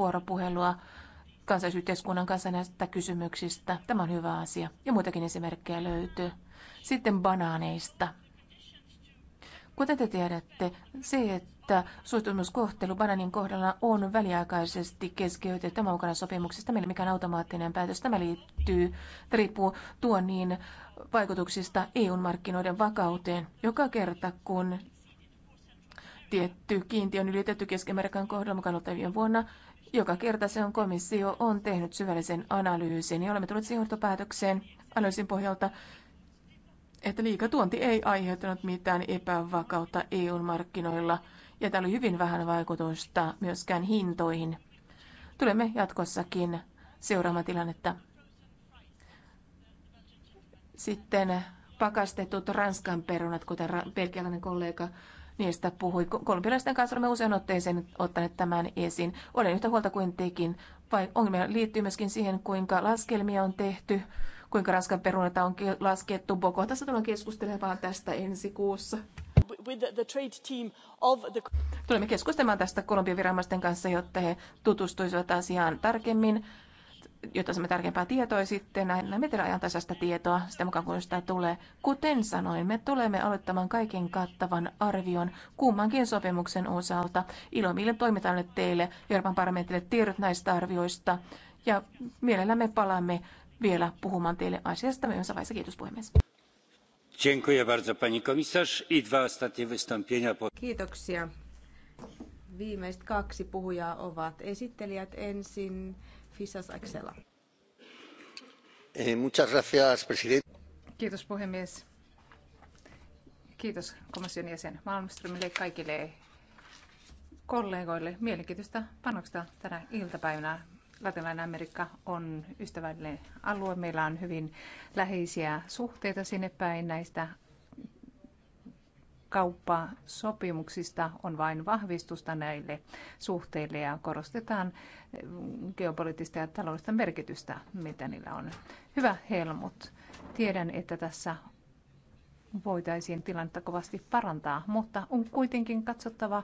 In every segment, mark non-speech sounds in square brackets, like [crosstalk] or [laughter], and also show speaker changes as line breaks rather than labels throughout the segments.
vuoropuhelua kansallisyhteiskunnan kanssa näistä kysymyksistä. Tämä on hyvä asia. Ja muitakin esimerkkejä löytyy. Sitten banaaneista. Kuten te tiedätte, se, että suostumuskohtelu bananin kohdalla on väliaikaisesti keskeytetty tämän mukana sopimuksesta, meillä mikään automaattinen päätös. Tämä liittyy, riippuu niin vaikutuksista EU-markkinoiden vakauteen. Joka kerta, kun tietty kiintiö on ylitetty Keski-Amerikan kohdalla mukaan vuonna, joka kerta se on komissio on tehnyt syvällisen analyysin ja olemme tulleet siihen johtopäätökseen analyysin pohjalta, että liikatuonti ei aiheuttanut mitään epävakautta EU-markkinoilla ja tällä oli hyvin vähän vaikutusta myöskään hintoihin. Tulemme jatkossakin seuraamaan tilannetta. Sitten pakastetut ranskan perunat, kuten belgialainen kollega niistä puhui. Kolumbialaisten kanssa olemme usein otteeseen ottaneet tämän esiin. Olen yhtä huolta kuin tekin. Vai ongelmia liittyy myöskin siihen, kuinka laskelmia on tehty, kuinka Ranskan perunata on laskettu. Boko tullaan keskustelemaan tästä ensi kuussa. Tulemme keskustelemaan tästä Kolumbian viranomaisten kanssa, jotta he tutustuisivat asiaan tarkemmin jotta saamme tärkeämpää tietoa sitten. Näillä me teillä ajantasaista tietoa sitä mukaan, kun sitä tulee. Kuten sanoin, me tulemme aloittamaan kaiken kattavan arvion kummankin sopimuksen osalta. Ilomille toimitaan nyt teille, Euroopan parlamentille tiedot näistä arvioista. Ja mielellämme palaamme vielä puhumaan teille asiasta myöhemmässä vaiheessa. Kiitos puhemies.
Kiitoksia. Viimeiset kaksi puhujaa ovat esittelijät
ensin. Eh, Kiitos puhemies. Kiitos komission jäsen Malmströmille kaikille kollegoille mielenkiintoista panoksista tänä iltapäivänä. Latinalainen Amerikka on ystävällinen alue. Meillä on hyvin läheisiä suhteita sinne päin. Näistä kauppasopimuksista on vain vahvistusta näille suhteille ja korostetaan geopoliittista ja taloudellista merkitystä, mitä niillä on. Hyvä Helmut, tiedän, että tässä voitaisiin tilannetta kovasti parantaa, mutta on kuitenkin katsottava,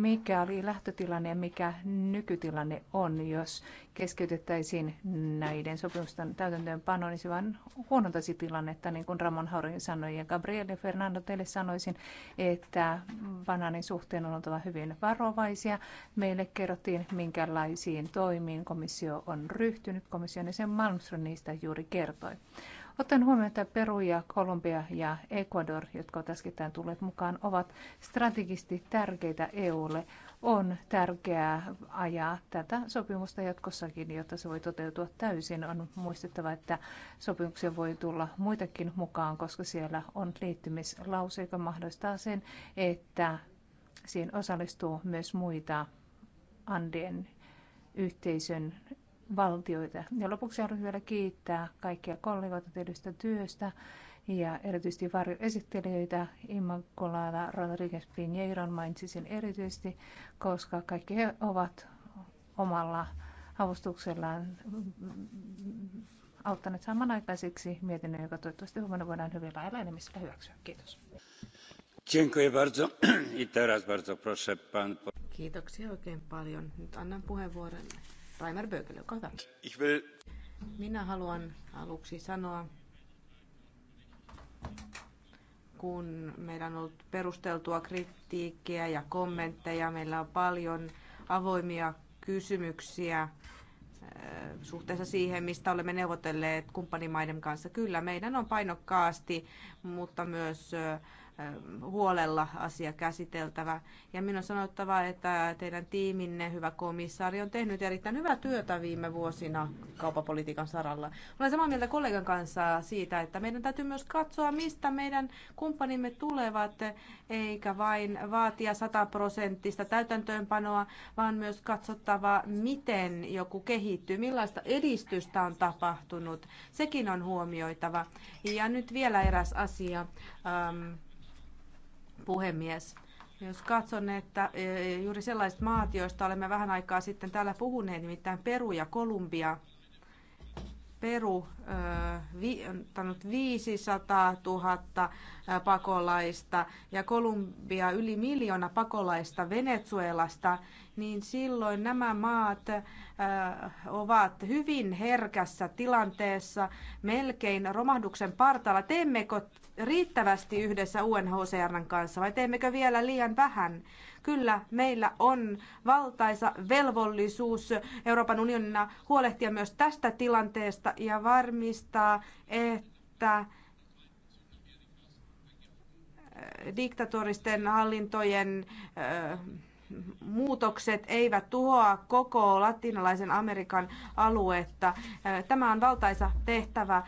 mikä oli lähtötilanne ja mikä nykytilanne on. Jos keskeytettäisiin näiden sopimusten täytäntöönpano, niin se vain huonontaisi tilannetta, niin kuin Ramon Haurin sanoi ja Gabriele Fernando teille sanoisin, että banaanin suhteen on oltava hyvin varovaisia. Meille kerrottiin, minkälaisiin toimiin komissio on ryhtynyt. Komission sen Malmström niistä juuri kertoi. Ottaen huomioon, että Peru ja Kolumbia ja Ecuador, jotka äskettäin tulleet mukaan, ovat strategisesti tärkeitä EUlle, on tärkeää ajaa tätä sopimusta jatkossakin, jotta se voi toteutua täysin. On muistettava, että sopimuksia voi tulla muitakin mukaan, koska siellä on liittymislause, joka mahdollistaa sen, että siihen osallistuu myös muita Andien yhteisön valtioita. Ja lopuksi haluan vielä kiittää kaikkia kollegoita tehdystä työstä ja erityisesti varjoesittelijöitä Immaculada Rodriguez Pinheiron mainitsisin erityisesti, koska kaikki he ovat omalla avustuksellaan auttaneet samanaikaiseksi mietinnön, joka toivottavasti huomenna voidaan hyvin lailla enemmistöllä hyväksyä. Kiitos. Kiitoksia oikein paljon. Nyt annan puheenvuoron
Raimer Bögel, olkaa hyvä. Minä haluan aluksi sanoa, kun meillä on ollut perusteltua kritiikkiä ja kommentteja, meillä on paljon avoimia kysymyksiä äh, suhteessa siihen, mistä olemme neuvotelleet kumppanimaiden kanssa. Kyllä, meidän on painokkaasti, mutta myös äh, huolella asia käsiteltävä. Ja minun on sanottava, että teidän tiiminne, hyvä komissaari, on tehnyt erittäin hyvää työtä viime vuosina kaupapolitiikan saralla. Olen samaa mieltä kollegan kanssa siitä, että meidän täytyy myös katsoa, mistä meidän kumppanimme tulevat, eikä vain vaatia sataprosenttista täytäntöönpanoa, vaan myös katsottava, miten joku kehittyy, millaista edistystä on tapahtunut. Sekin on huomioitava. Ja nyt vielä eräs asia puhemies. Jos katson, että e, juuri sellaiset maat, joista olemme vähän aikaa sitten täällä puhuneet, nimittäin Peru ja Kolumbia, Peru on 500 000 pakolaista ja Kolumbia yli miljoona pakolaista Venezuelasta, niin silloin nämä maat ovat hyvin herkässä tilanteessa, melkein romahduksen partaalla. Teemmekö riittävästi yhdessä UNHCRn kanssa vai teemmekö vielä liian vähän? Kyllä, meillä on valtaisa velvollisuus Euroopan unionina huolehtia myös tästä tilanteesta ja varmistaa, että eh, diktatoristen hallintojen eh, muutokset eivät tuhoa koko latinalaisen Amerikan aluetta. Tämä on valtaisa tehtävä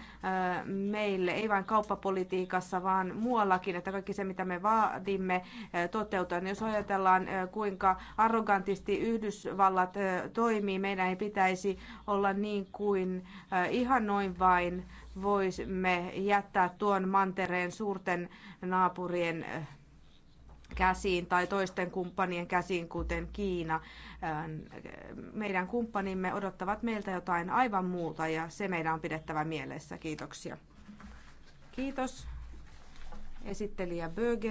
meille, ei vain kauppapolitiikassa, vaan muuallakin, että kaikki se, mitä me vaadimme, toteutetaan. Jos ajatellaan, kuinka arrogantisti Yhdysvallat toimii, meidän ei pitäisi olla niin kuin ihan noin vain voisimme jättää tuon mantereen suurten naapurien käsiin tai toisten kumppanien käsiin, kuten Kiina. Ähm, meidän kumppanimme odottavat meiltä jotain aivan muuta ja se meidän on pidettävä mielessä. Kiitoksia. Kiitos esittelijä Böge.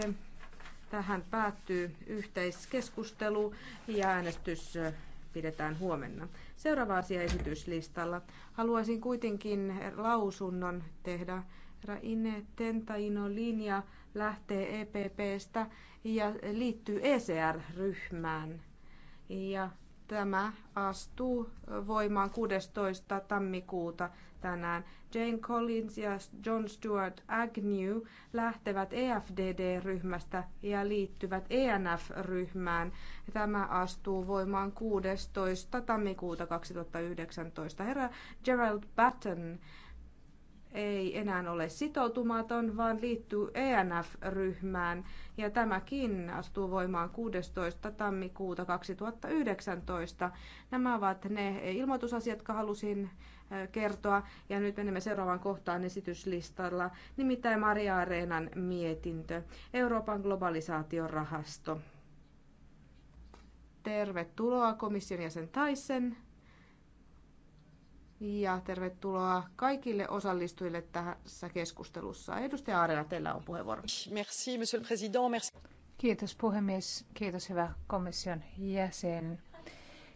Tähän päättyy yhteiskeskustelu ja äänestys äh, pidetään huomenna. Seuraava asia esityslistalla. Haluaisin kuitenkin lausunnon tehdä Raine Tentaino linja lähtee EPPstä ja liittyy ECR-ryhmään. Ja tämä astuu voimaan 16. tammikuuta tänään. Jane Collins ja John Stuart Agnew lähtevät EFDD-ryhmästä ja liittyvät ENF-ryhmään. Tämä astuu voimaan 16. tammikuuta 2019. Herra Gerald Batten ei enää ole sitoutumaton, vaan liittyy ENF-ryhmään ja tämäkin astuu voimaan 16. tammikuuta 2019. Nämä ovat ne ilmoitusasiat, jotka halusin kertoa ja nyt menemme seuraavaan kohtaan esityslistalla, nimittäin Maria Areenan mietintö, Euroopan globalisaatiorahasto. Tervetuloa komission jäsen Taisen ja tervetuloa kaikille osallistujille tässä keskustelussa. Edustaja Arena, teillä on puheenvuoro. Merci, monsieur le président. Merci.
Kiitos puhemies, kiitos hyvä komission jäsen.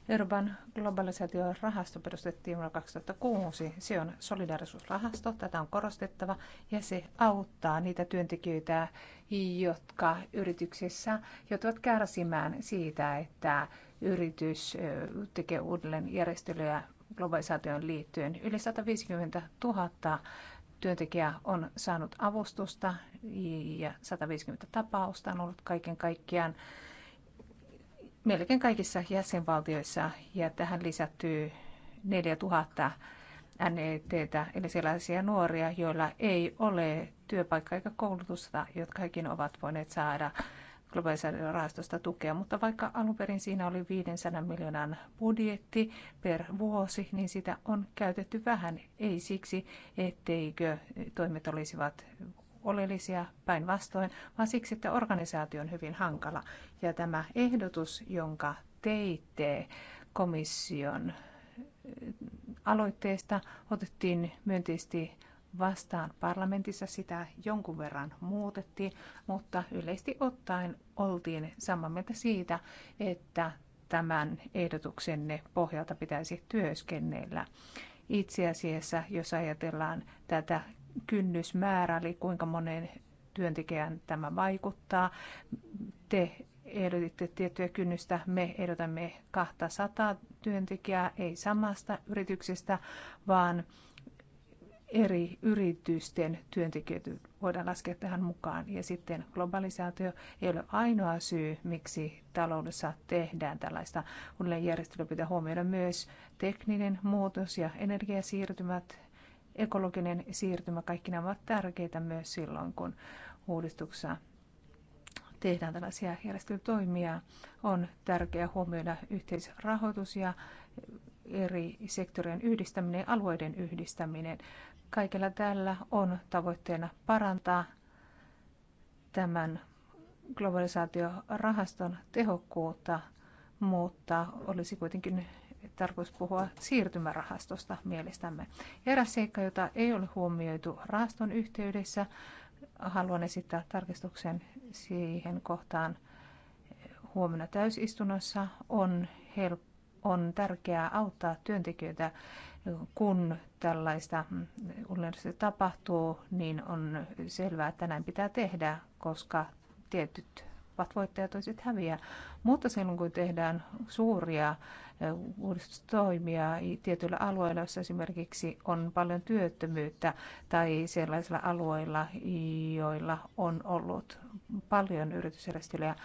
Euroopan globalisaatiorahasto perustettiin vuonna 2006. Se on solidarisuusrahasto, tätä on korostettava, ja se auttaa niitä työntekijöitä, jotka yrityksissä joutuvat kärsimään siitä, että yritys tekee uudelleen järjestelyjä globalisaatioon liittyen. Yli 150 000 työntekijää on saanut avustusta ja 150 tapausta on ollut kaiken kaikkiaan melkein kaikissa jäsenvaltioissa ja tähän lisättyy 4000 NETtä, eli sellaisia nuoria, joilla ei ole työpaikkaa eikä koulutusta, jotka hekin ovat voineet saada globalisaation rahastosta tukea, mutta vaikka alun perin siinä oli 500 miljoonan budjetti per vuosi, niin sitä on käytetty vähän. Ei siksi, etteikö toimet olisivat oleellisia päinvastoin, vaan siksi, että organisaatio on hyvin hankala. Ja tämä ehdotus, jonka teitte komission aloitteesta, otettiin myönteisesti vastaan parlamentissa sitä jonkun verran muutettiin, mutta yleisesti ottaen oltiin samaa mieltä siitä, että tämän ehdotuksenne pohjalta pitäisi työskennellä. Itse asiassa, jos ajatellaan tätä kynnysmäärää, eli kuinka monen työntekijän tämä vaikuttaa, te ehdotitte tiettyä kynnystä, me ehdotamme 200 työntekijää, ei samasta yrityksestä, vaan eri yritysten työntekijöitä voidaan laskea tähän mukaan. Ja sitten globalisaatio ei ole ainoa syy, miksi taloudessa tehdään tällaista uudelleenjärjestelyä. Pitää huomioida myös tekninen muutos ja energiasiirtymät, ekologinen siirtymä. Kaikki nämä ovat tärkeitä myös silloin, kun uudistuksessa tehdään tällaisia järjestelytoimia. On tärkeää huomioida yhteisrahoitus ja eri sektorien yhdistäminen ja alueiden yhdistäminen. Kaikella tällä on tavoitteena parantaa tämän globalisaatiorahaston tehokkuutta, mutta olisi kuitenkin tarkoitus puhua siirtymärahastosta mielestämme. eräs seikka, jota ei ole huomioitu rahaston yhteydessä, haluan esittää tarkistuksen siihen kohtaan huomenna täysistunnossa, on, on tärkeää auttaa työntekijöitä kun tällaista unelmista tapahtuu, niin on selvää, että näin pitää tehdä, koska tietyt ovat voittajat, toiset häviää. Mutta silloin kun tehdään suuria uudistustoimia tietyillä alueilla, joissa esimerkiksi on paljon työttömyyttä tai sellaisilla alueilla, joilla on ollut paljon yritysjärjestelyjä,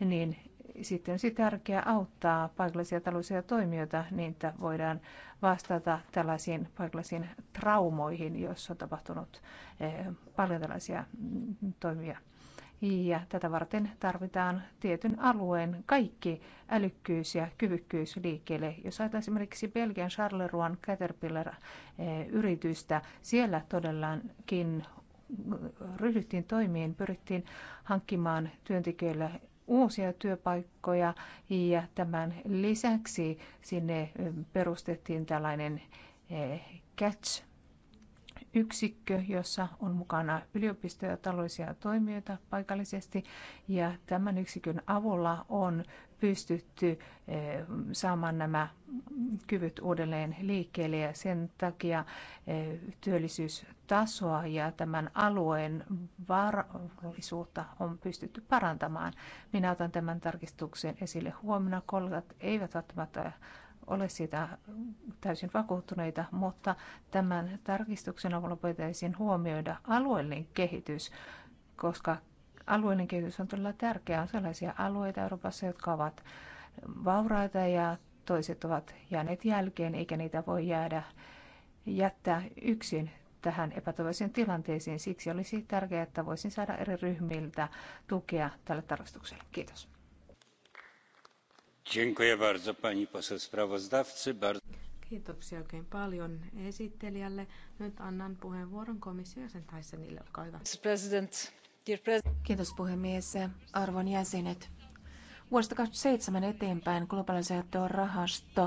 niin sitten olisi tärkeää auttaa paikallisia taloudellisia toimijoita niin, että voidaan vastata tällaisiin paikallisiin traumoihin, jos on tapahtunut eh, paljon tällaisia mm, toimia. Ja tätä varten tarvitaan tietyn alueen kaikki älykkyys ja kyvykkyys liikkeelle. Jos ajatellaan esimerkiksi Belgian Charleroi Caterpillar-yritystä, eh, siellä todellakin ryhdyttiin toimiin, pyrittiin hankkimaan työntekijöille uusia työpaikkoja ja tämän lisäksi sinne eh, perustettiin tällainen eh, catch yksikkö, jossa on mukana yliopistoja ja taloudellisia toimijoita paikallisesti. Ja tämän yksikön avulla on pystytty eh, saamaan nämä kyvyt uudelleen liikkeelle ja sen takia eh, työllisyystasoa ja tämän alueen varallisuutta on pystytty parantamaan. Minä otan tämän tarkistuksen esille huomenna. Kollegat eivät välttämättä ole siitä täysin vakuuttuneita, mutta tämän tarkistuksen avulla voitaisiin huomioida alueellinen kehitys, koska alueellinen kehitys on todella tärkeää. On sellaisia alueita Euroopassa, jotka ovat vauraita ja toiset ovat jääneet jälkeen, eikä niitä voi jäädä jättää yksin tähän epätoivoisiin tilanteisiin. Siksi olisi tärkeää, että voisin saada eri ryhmiltä tukea tälle tarkastukselle.
Kiitos.
Kiitoksia oikein paljon esittelijälle. Nyt annan puheenvuoron komission jäsen
Tysonille. Olkaa hyvä. President. Kiitos puhemies. Arvon jäsenet. Vuodesta 2007 eteenpäin globalisaation rahasto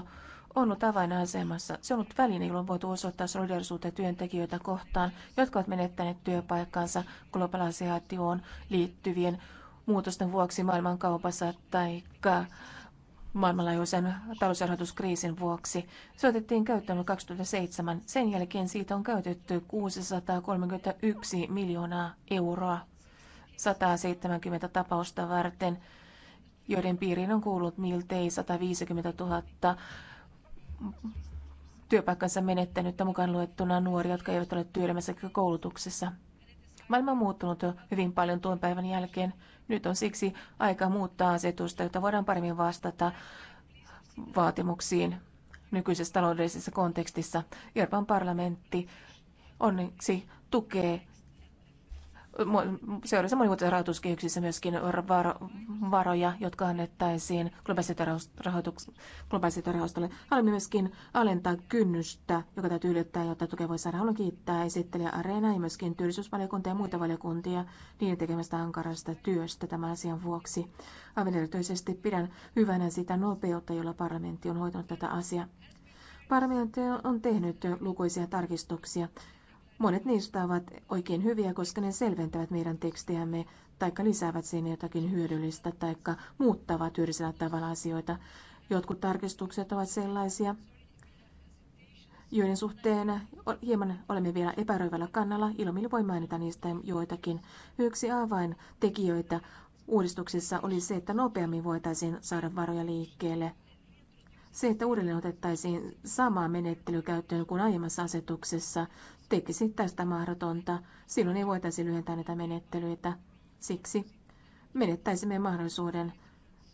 on ollut avainasemassa. Se on ollut väline, jolla on voitu osoittaa solidarisuutta työntekijöitä kohtaan, jotka ovat menettäneet työpaikkansa globalisaatioon liittyvien muutosten vuoksi maailmankaupassa tai maailmanlaajuisen talous- ja rahoituskriisin vuoksi. Se otettiin käyttöön 2007. Sen jälkeen siitä on käytetty 631 miljoonaa euroa. 170 tapausta varten, joiden piiriin on kuullut miltei 150 000 työpaikkansa menettänyttä mukaan luettuna nuoria, jotka eivät ole työelämässä eikä koulutuksessa. Maailma on muuttunut jo hyvin paljon tuon päivän jälkeen. Nyt on siksi aika muuttaa asetusta, jotta voidaan paremmin vastata vaatimuksiin nykyisessä taloudellisessa kontekstissa. Euroopan parlamentti onneksi tukee se samoin monivuotisessa rahoituskehyksissä myöskin varoja, jotka annettaisiin rahoitukselle. Haluamme myöskin alentaa kynnystä, joka täytyy ylittää, jotta tukea voi saada. Haluan kiittää esittelijä Areena ja myöskin työllisyysvaliokuntia ja muita valiokuntia niiden tekemästä ankarasta työstä tämän asian vuoksi. Aivan erityisesti pidän hyvänä sitä nopeutta, jolla parlamentti on hoitanut tätä asiaa. Parlamentti on tehnyt lukuisia tarkistuksia, Monet niistä ovat oikein hyviä, koska ne selventävät meidän tekstiämme tai lisäävät siinä jotakin hyödyllistä tai muuttavat hyödyllisellä tavalla asioita. Jotkut tarkistukset ovat sellaisia, joiden suhteen hieman olemme vielä epäröivällä kannalla. Ilomille voi mainita niistä joitakin. Yksi avain tekijöitä uudistuksessa oli se, että nopeammin voitaisiin saada varoja liikkeelle. Se, että uudelleen otettaisiin samaa menettelykäyttöön käyttöön kuin aiemmassa asetuksessa, tekisi tästä mahdotonta. Silloin ei voitaisi lyhentää näitä menettelyitä. Siksi menettäisimme mahdollisuuden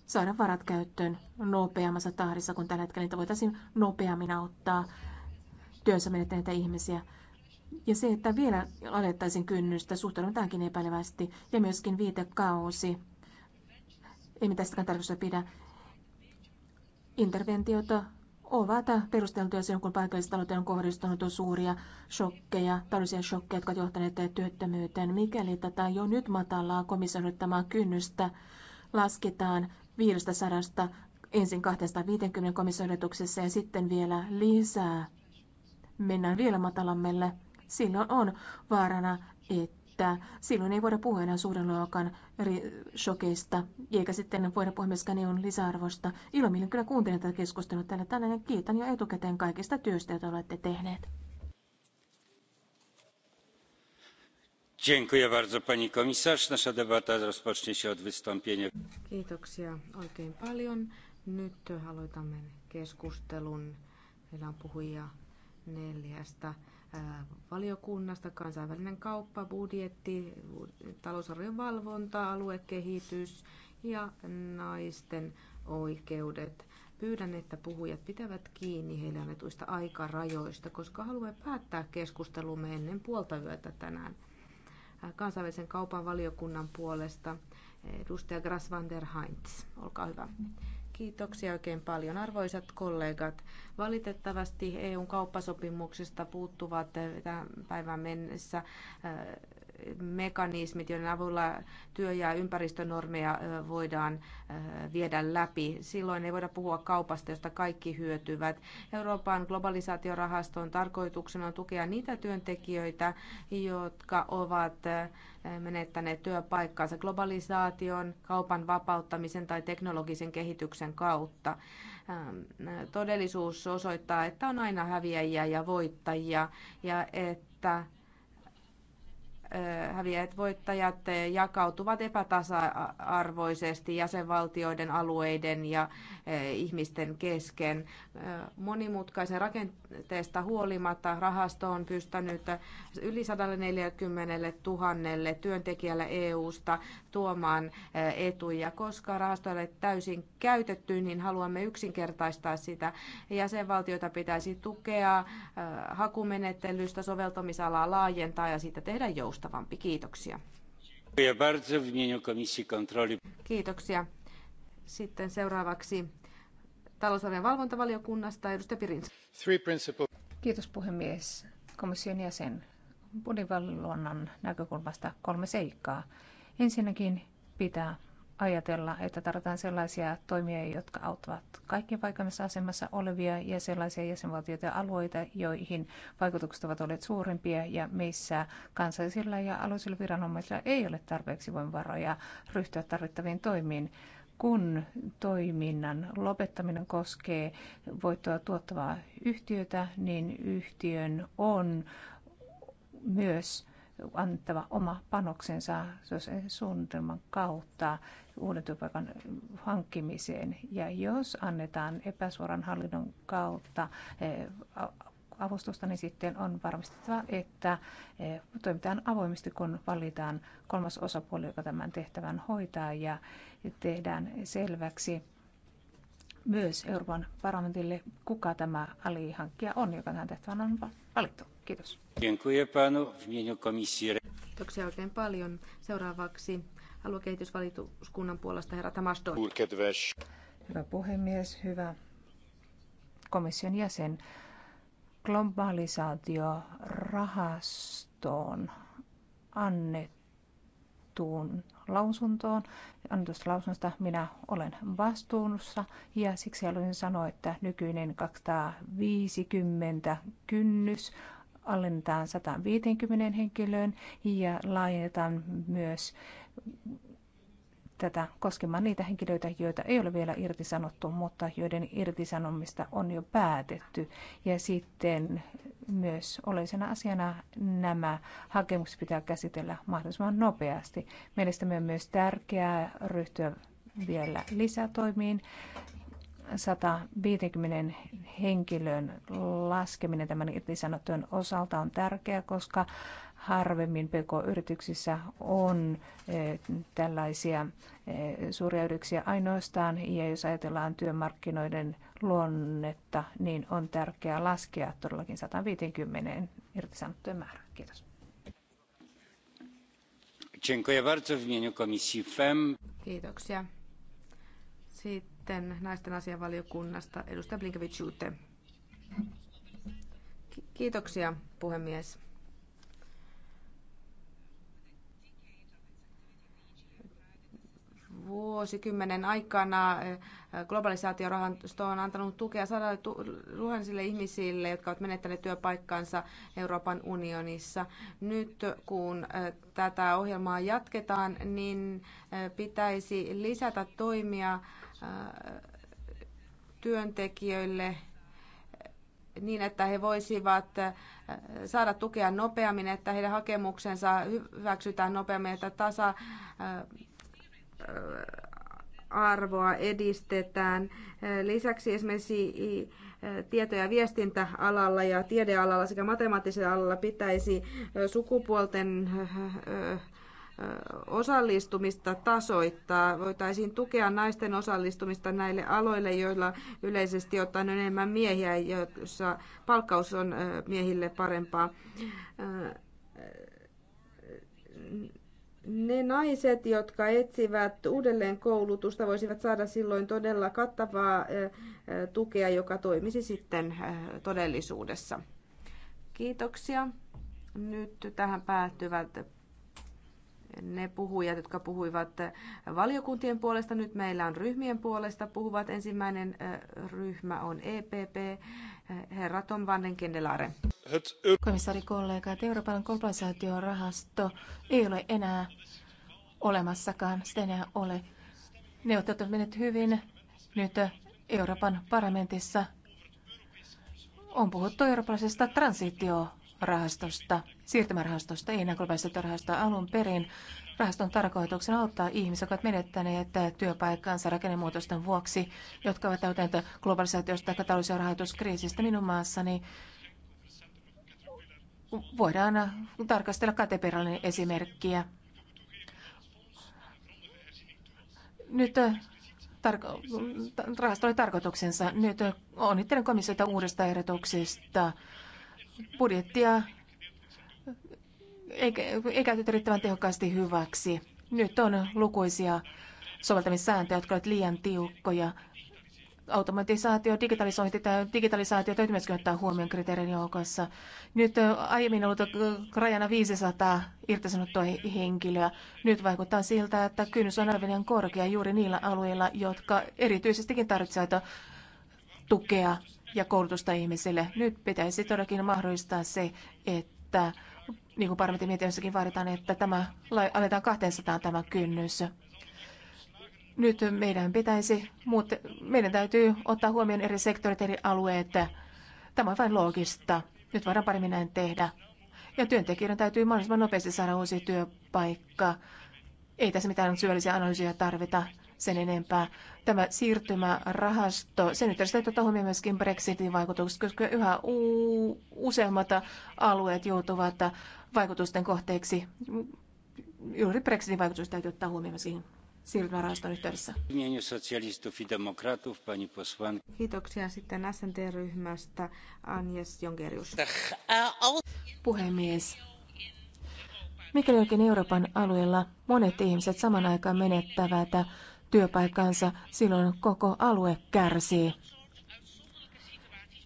saada varat käyttöön nopeammassa tahdissa kuin tällä hetkellä. Niitä voitaisiin nopeammin auttaa työnsä menettäneitä ihmisiä. Ja se, että vielä alettaisiin kynnystä, suhtaudun tähänkin epäilevästi, ja myöskin viitekausi. Ei mitään tästäkään tarkoitusta pidä. Interventiota ovat perusteltuja silloin, kun paikallistalouteen on kohdistunut suuria shokkeja, taloudellisia shokkeja, jotka ovat johtaneet työttömyyteen. Mikäli tätä jo nyt matalaa komission kynnystä lasketaan 500 ensin 250 komissiohdotuksessa ja sitten vielä lisää, mennään vielä matalammalle, silloin on vaarana, että että Silloin ei voida puhua enää suurenluokan eri shokeista, eikä sitten voida puhua myöskään EUn lisäarvosta. Ilomielin kyllä kuuntelen tätä keskustelua täällä tänään ja kiitän jo etukäteen kaikista työstä, jota olette tehneet.
Dziękuję bardzo pani komisarz! nasza debata rozpocznie się od wystąpienia.
Kiitoksia oikein paljon. Nyt aloitamme keskustelun. Meillä on puhujia neljästä valiokunnasta, kansainvälinen kauppa, budjetti, talousarvion valvonta, aluekehitys ja naisten oikeudet. Pyydän, että puhujat pitävät kiinni heille annetuista aikarajoista, koska haluamme päättää keskustelumme ennen puolta yötä tänään. Kansainvälisen kaupan valiokunnan puolesta edustaja Gras van der Heinz, olkaa hyvä. Kiitoksia oikein paljon arvoisat kollegat. Valitettavasti EUn kauppasopimuksesta puuttuvat tämän päivän mennessä mekanismit, joiden avulla työ- ja ympäristönormeja voidaan viedä läpi. Silloin ei voida puhua kaupasta, josta kaikki hyötyvät. Euroopan globalisaatiorahaston tarkoituksena on tukea niitä työntekijöitä, jotka ovat menettäneet työpaikkaansa globalisaation, kaupan vapauttamisen tai teknologisen kehityksen kautta. Ähm, todellisuus osoittaa, että on aina häviäjiä ja voittajia ja että häviäjät voittajat e, jakautuvat epätasa-arvoisesti jäsenvaltioiden, alueiden ja Eh, ihmisten kesken. Eh, monimutkaisen rakenteesta huolimatta rahasto on pystynyt yli 140 000 työntekijälle EU-sta tuomaan eh, etuja. Koska rahasto ei ole täysin käytetty, niin haluamme yksinkertaistaa sitä. Jäsenvaltioita pitäisi tukea hakumenettelystä, soveltamisalaa laajentaa ja siitä tehdä joustavampi. Kiitoksia. Kiitoksia.
Sitten seuraavaksi talousarvion valvontavaliokunnasta edustaja Pirins. Kiitos puhemies. Komission jäsen budjettivalvonnan näkökulmasta kolme seikkaa. Ensinnäkin pitää ajatella, että tarvitaan sellaisia toimia, jotka auttavat kaikkien vaikeimmassa asemassa olevia ja sellaisia jäsenvaltioita ja alueita, joihin vaikutukset ovat olleet suurimpia ja missä kansallisilla ja alueellisilla viranomaisilla ei ole tarpeeksi voimavaroja ryhtyä tarvittaviin toimiin kun toiminnan lopettaminen koskee voittoa tuottavaa yhtiötä, niin yhtiön on myös antava oma panoksensa suunnitelman kautta uuden työpaikan hankkimiseen. Ja jos annetaan epäsuoran hallinnon kautta eh, avustusta, niin sitten on varmistettava, että eh, toimitaan avoimesti, kun valitaan kolmas osapuoli, joka tämän tehtävän hoitaa. Ja tehdään selväksi myös Euroopan parlamentille, kuka tämä alihankkija on, joka tähän tehtävään on valittu. Kiitos.
Kiitoksia oikein paljon. Seuraavaksi aluekehitysvalituskunnan puolesta herra Tamasdo.
Hyvä puhemies, hyvä komission jäsen. rahastoon annettu annettuun lausuntoon. Annetusta lausunnosta minä olen vastuussa ja siksi haluaisin sanoa, että nykyinen 250 kynnys alennetaan 150 henkilöön ja laajennetaan myös tätä koskemaan niitä henkilöitä, joita ei ole vielä irtisanottu, mutta joiden irtisanomista on jo päätetty. Ja sitten myös oleellisena asiana nämä hakemukset pitää käsitellä mahdollisimman nopeasti. Mielestäni on myös tärkeää ryhtyä vielä lisätoimiin. 150 henkilön laskeminen tämän irtisanottujen osalta on tärkeää, koska harvemmin PK-yrityksissä on eh, tällaisia eh, suuria yrityksiä ainoastaan. Ja jos ajatellaan työmarkkinoiden luonnetta, niin on tärkeää laskea todellakin 150 irtisanottujen määrä. Kiitos. E kiitoksia.
Sitten naisten asianvaliokunnasta edustaja Blinkevich-Jute. Kiitoksia, puhemies. vuosikymmenen aikana eh, globalisaatiorahasto on antanut tukea sadalle tuhansille ihmisille, jotka ovat menettäneet työpaikkansa Euroopan unionissa. Nyt kun eh, tätä ohjelmaa jatketaan, niin eh, pitäisi lisätä toimia työntekijöille niin, että he voisivat saada tukea nopeammin, että heidän hakemuksensa hyväksytään nopeammin, että tasa arvoa edistetään. Lisäksi esimerkiksi tieto- ja viestintäalalla ja tiedealalla sekä matemaattisella alalla pitäisi sukupuolten osallistumista tasoittaa. Voitaisiin tukea naisten osallistumista näille aloille, joilla yleisesti ottaen on enemmän miehiä, joissa palkkaus on miehille parempaa ne naiset, jotka etsivät uudelleen koulutusta, voisivat saada silloin todella kattavaa eh, eh, tukea, joka toimisi sitten eh, todellisuudessa. Kiitoksia. Nyt tähän päättyvät ne puhujat, jotka puhuivat eh, valiokuntien puolesta, nyt meillä on ryhmien puolesta puhuvat. Ensimmäinen eh, ryhmä on EPP, eh,
herra Tom van den kollega, että Euroopan kompensaatiorahasto ei ole enää olemassakaan, sitä enää ole. Neuvottelut ovat menneet hyvin. Nyt Euroopan parlamentissa on puhuttu eurooppalaisesta transitiorahastosta rahastosta, siirtymärahastosta, ei rahastoa alun perin. Rahaston tarkoituksena auttaa ihmisiä, jotka ovat menettäneet työpaikkaansa rakennemuutosten vuoksi, jotka ovat täytäneet globalisaatiosta tai talous- ja rahoituskriisistä minun maassani. Voidaan tarkastella kateperallinen esimerkkiä. Nyt äh, tarko- rahasto oli tarkoituksensa. Nyt onnittelen komissiota uudesta ehdotuksesta budjettia ei, ei käytetä riittävän tehokkaasti hyväksi. Nyt on lukuisia soveltamissääntöjä, jotka ovat liian tiukkoja. Automatisaatio, digitalisointi tai digitalisaatio täytyy myöskin ottaa huomioon kriteerin joukossa. Nyt aiemmin ollut rajana 500 irtisanottua henkilöä. Nyt vaikuttaa siltä, että kynnys on aivan korkea juuri niillä alueilla, jotka erityisestikin tarvitsevat tukea ja koulutusta ihmisille. Nyt pitäisi todellakin mahdollistaa se, että niin kuin parlamentin mietinnössäkin vaaditaan, että tämä aletaan 200 tämä kynnys. Nyt meidän pitäisi, mutta meidän täytyy ottaa huomioon eri sektorit, eri alueet. Tämä on vain loogista. Nyt voidaan paremmin näin tehdä. Ja työntekijöiden täytyy mahdollisimman nopeasti saada uusi työpaikka. Ei tässä mitään syöllisiä analyysiä tarvita sen enempää. Tämä siirtymärahasto, sen yhteydessä täytyy huomioon myöskin Brexitin vaikutukset, koska yhä u- useammat alueet joutuvat vaikutusten kohteeksi. Juuri Brexitin vaikutus täytyy ottaa huomioon myöskin siirtymärahaston yhteydessä.
Kiitoksia sitten SNT-ryhmästä Agnes Jongerius. Puhemies,
Mikäli oikein Euroopan alueella monet ihmiset saman aikaan menettävät työpaikkansa, silloin koko alue kärsii.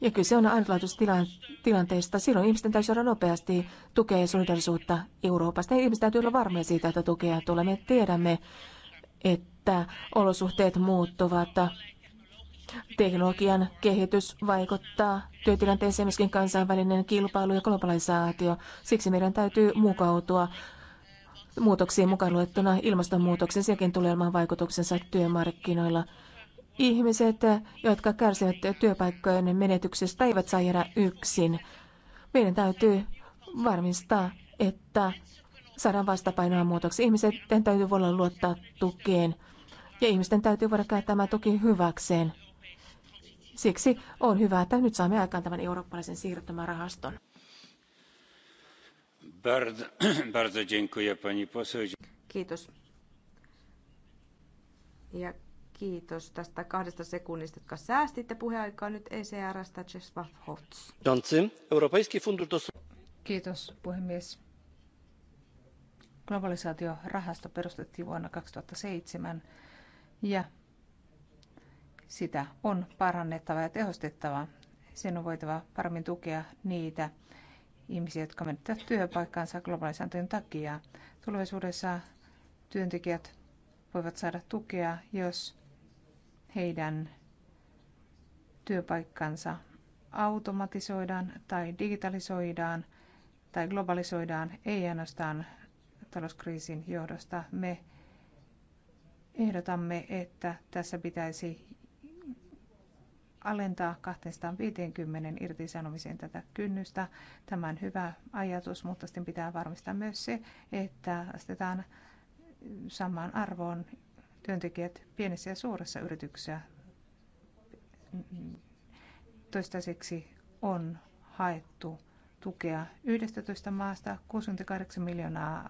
Ja se on ainutlaatuistilanteesta. Silloin ihmisten täytyy saada nopeasti tukea ja solidarisuutta Euroopasta. Ja ihmisten täytyy olla varmoja siitä, että tukea tulee. Me tiedämme, että olosuhteet muuttuvat. Teknologian kehitys vaikuttaa työtilanteeseen myöskin kansainvälinen kilpailu ja globalisaatio. Siksi meidän täytyy mukautua muutoksiin mukaan luettuna ilmastonmuutoksen, sekin tulee olemaan vaikutuksensa työmarkkinoilla. Ihmiset, jotka kärsivät työpaikkojen menetyksestä, eivät saa jäädä yksin. Meidän täytyy varmistaa, että saadaan vastapainoa muutoksi. Ihmiset täytyy voida luottaa tukeen ja ihmisten täytyy voida käyttää tämä tuki hyväkseen. Siksi on hyvä, että nyt saamme aikaan tämän eurooppalaisen siirtymärahaston. [clears throat] Kiitos. Ja
kiitos tästä kahdesta sekunnista, jotka säästitte puheaikaa nyt ECR-stä Czesław Hoc.
Kiitos puhemies. Globalisaatiorahasto perustettiin vuonna 2007 ja sitä on parannettava ja tehostettava. Sen on voitava paremmin tukea niitä ihmisiä, jotka menettävät työpaikkansa globalisaation takia. Tulevaisuudessa työntekijät voivat saada tukea, jos heidän työpaikkansa automatisoidaan tai digitalisoidaan tai globalisoidaan, ei ainoastaan talouskriisin johdosta. Me ehdotamme, että tässä pitäisi alentaa 250 irtisanomiseen tätä kynnystä. Tämä on hyvä ajatus, mutta sitten pitää varmistaa myös se, että astetaan samaan arvoon työntekijät pienissä ja suurissa yrityksissä. Toistaiseksi on haettu tukea 11 maasta 68 miljoonaa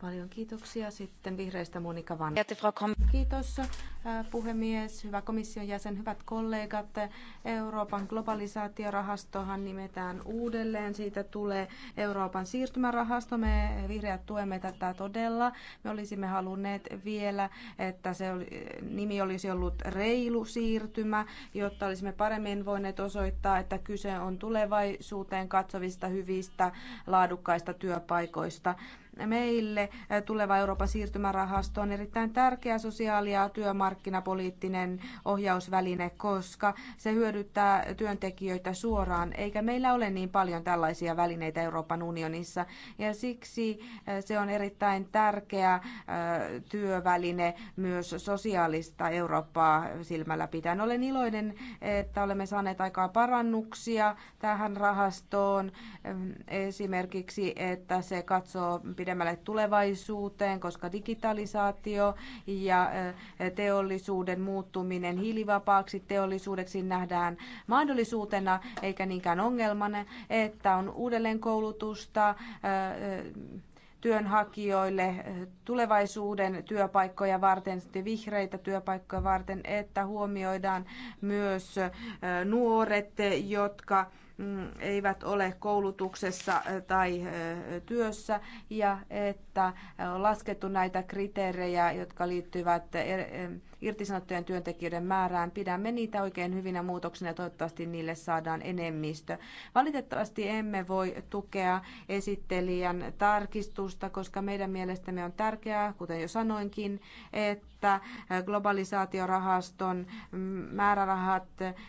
Paljon kiitoksia. Sitten vihreistä Monika Van. Kiitos äh, puhemies, hyvä komission jäsen, hyvät kollegat. Euroopan globalisaatiorahastohan nimetään uudelleen. Siitä tulee Euroopan siirtymärahasto. Me vihreät tuemme tätä todella. Me olisimme halunneet vielä, että se oli, nimi olisi ollut reilu siirtymä, jotta olisimme paremmin voineet osoittaa, että kyse on tulevaisuuteen katsovista hyvistä laadukkaista työpaikoista meille tuleva Euroopan siirtymärahasto on erittäin tärkeä sosiaali- ja työmarkkinapoliittinen ohjausväline, koska se hyödyttää työntekijöitä suoraan, eikä meillä ole niin paljon tällaisia välineitä Euroopan unionissa. Ja siksi se on erittäin tärkeä työväline myös sosiaalista Eurooppaa silmällä pitäen. Olen iloinen, että olemme saaneet aikaa parannuksia tähän rahastoon, esimerkiksi että se katsoo pidemmälle tulevaisuuteen, koska digitalisaatio ja teollisuuden muuttuminen hiilivapaaksi teollisuudeksi nähdään mahdollisuutena eikä niinkään ongelmana, että on uudelleenkoulutusta, työnhakijoille tulevaisuuden työpaikkoja varten, sitten vihreitä työpaikkoja varten, että huomioidaan myös nuoret, jotka Mm, eivät ole koulutuksessa äh, tai äh, työssä ja että äh, on laskettu näitä kriteerejä, jotka liittyvät irtisanottujen työntekijöiden määrään. Pidämme niitä oikein hyvinä muutoksina ja toivottavasti niille saadaan enemmistö. Valitettavasti emme voi tukea esittelijän tarkistusta, koska meidän mielestämme on tärkeää, kuten jo sanoinkin, että globalisaatiorahaston määrärahat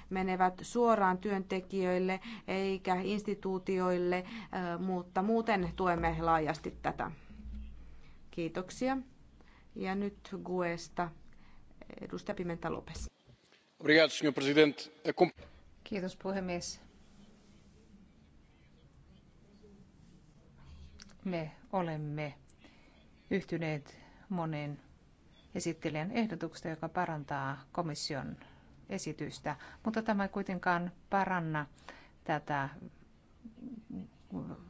menevät suoraan työntekijöille eikä instituutioille, eh, mutta muuten tuemme laajasti tätä. Kiitoksia. Ja nyt Guesta Edustaja Pimenta Lopes.
Kiitos puhemies. Me olemme yhtyneet monen esittelijän ehdotukseen, joka parantaa komission esitystä, mutta tämä ei kuitenkaan paranna tätä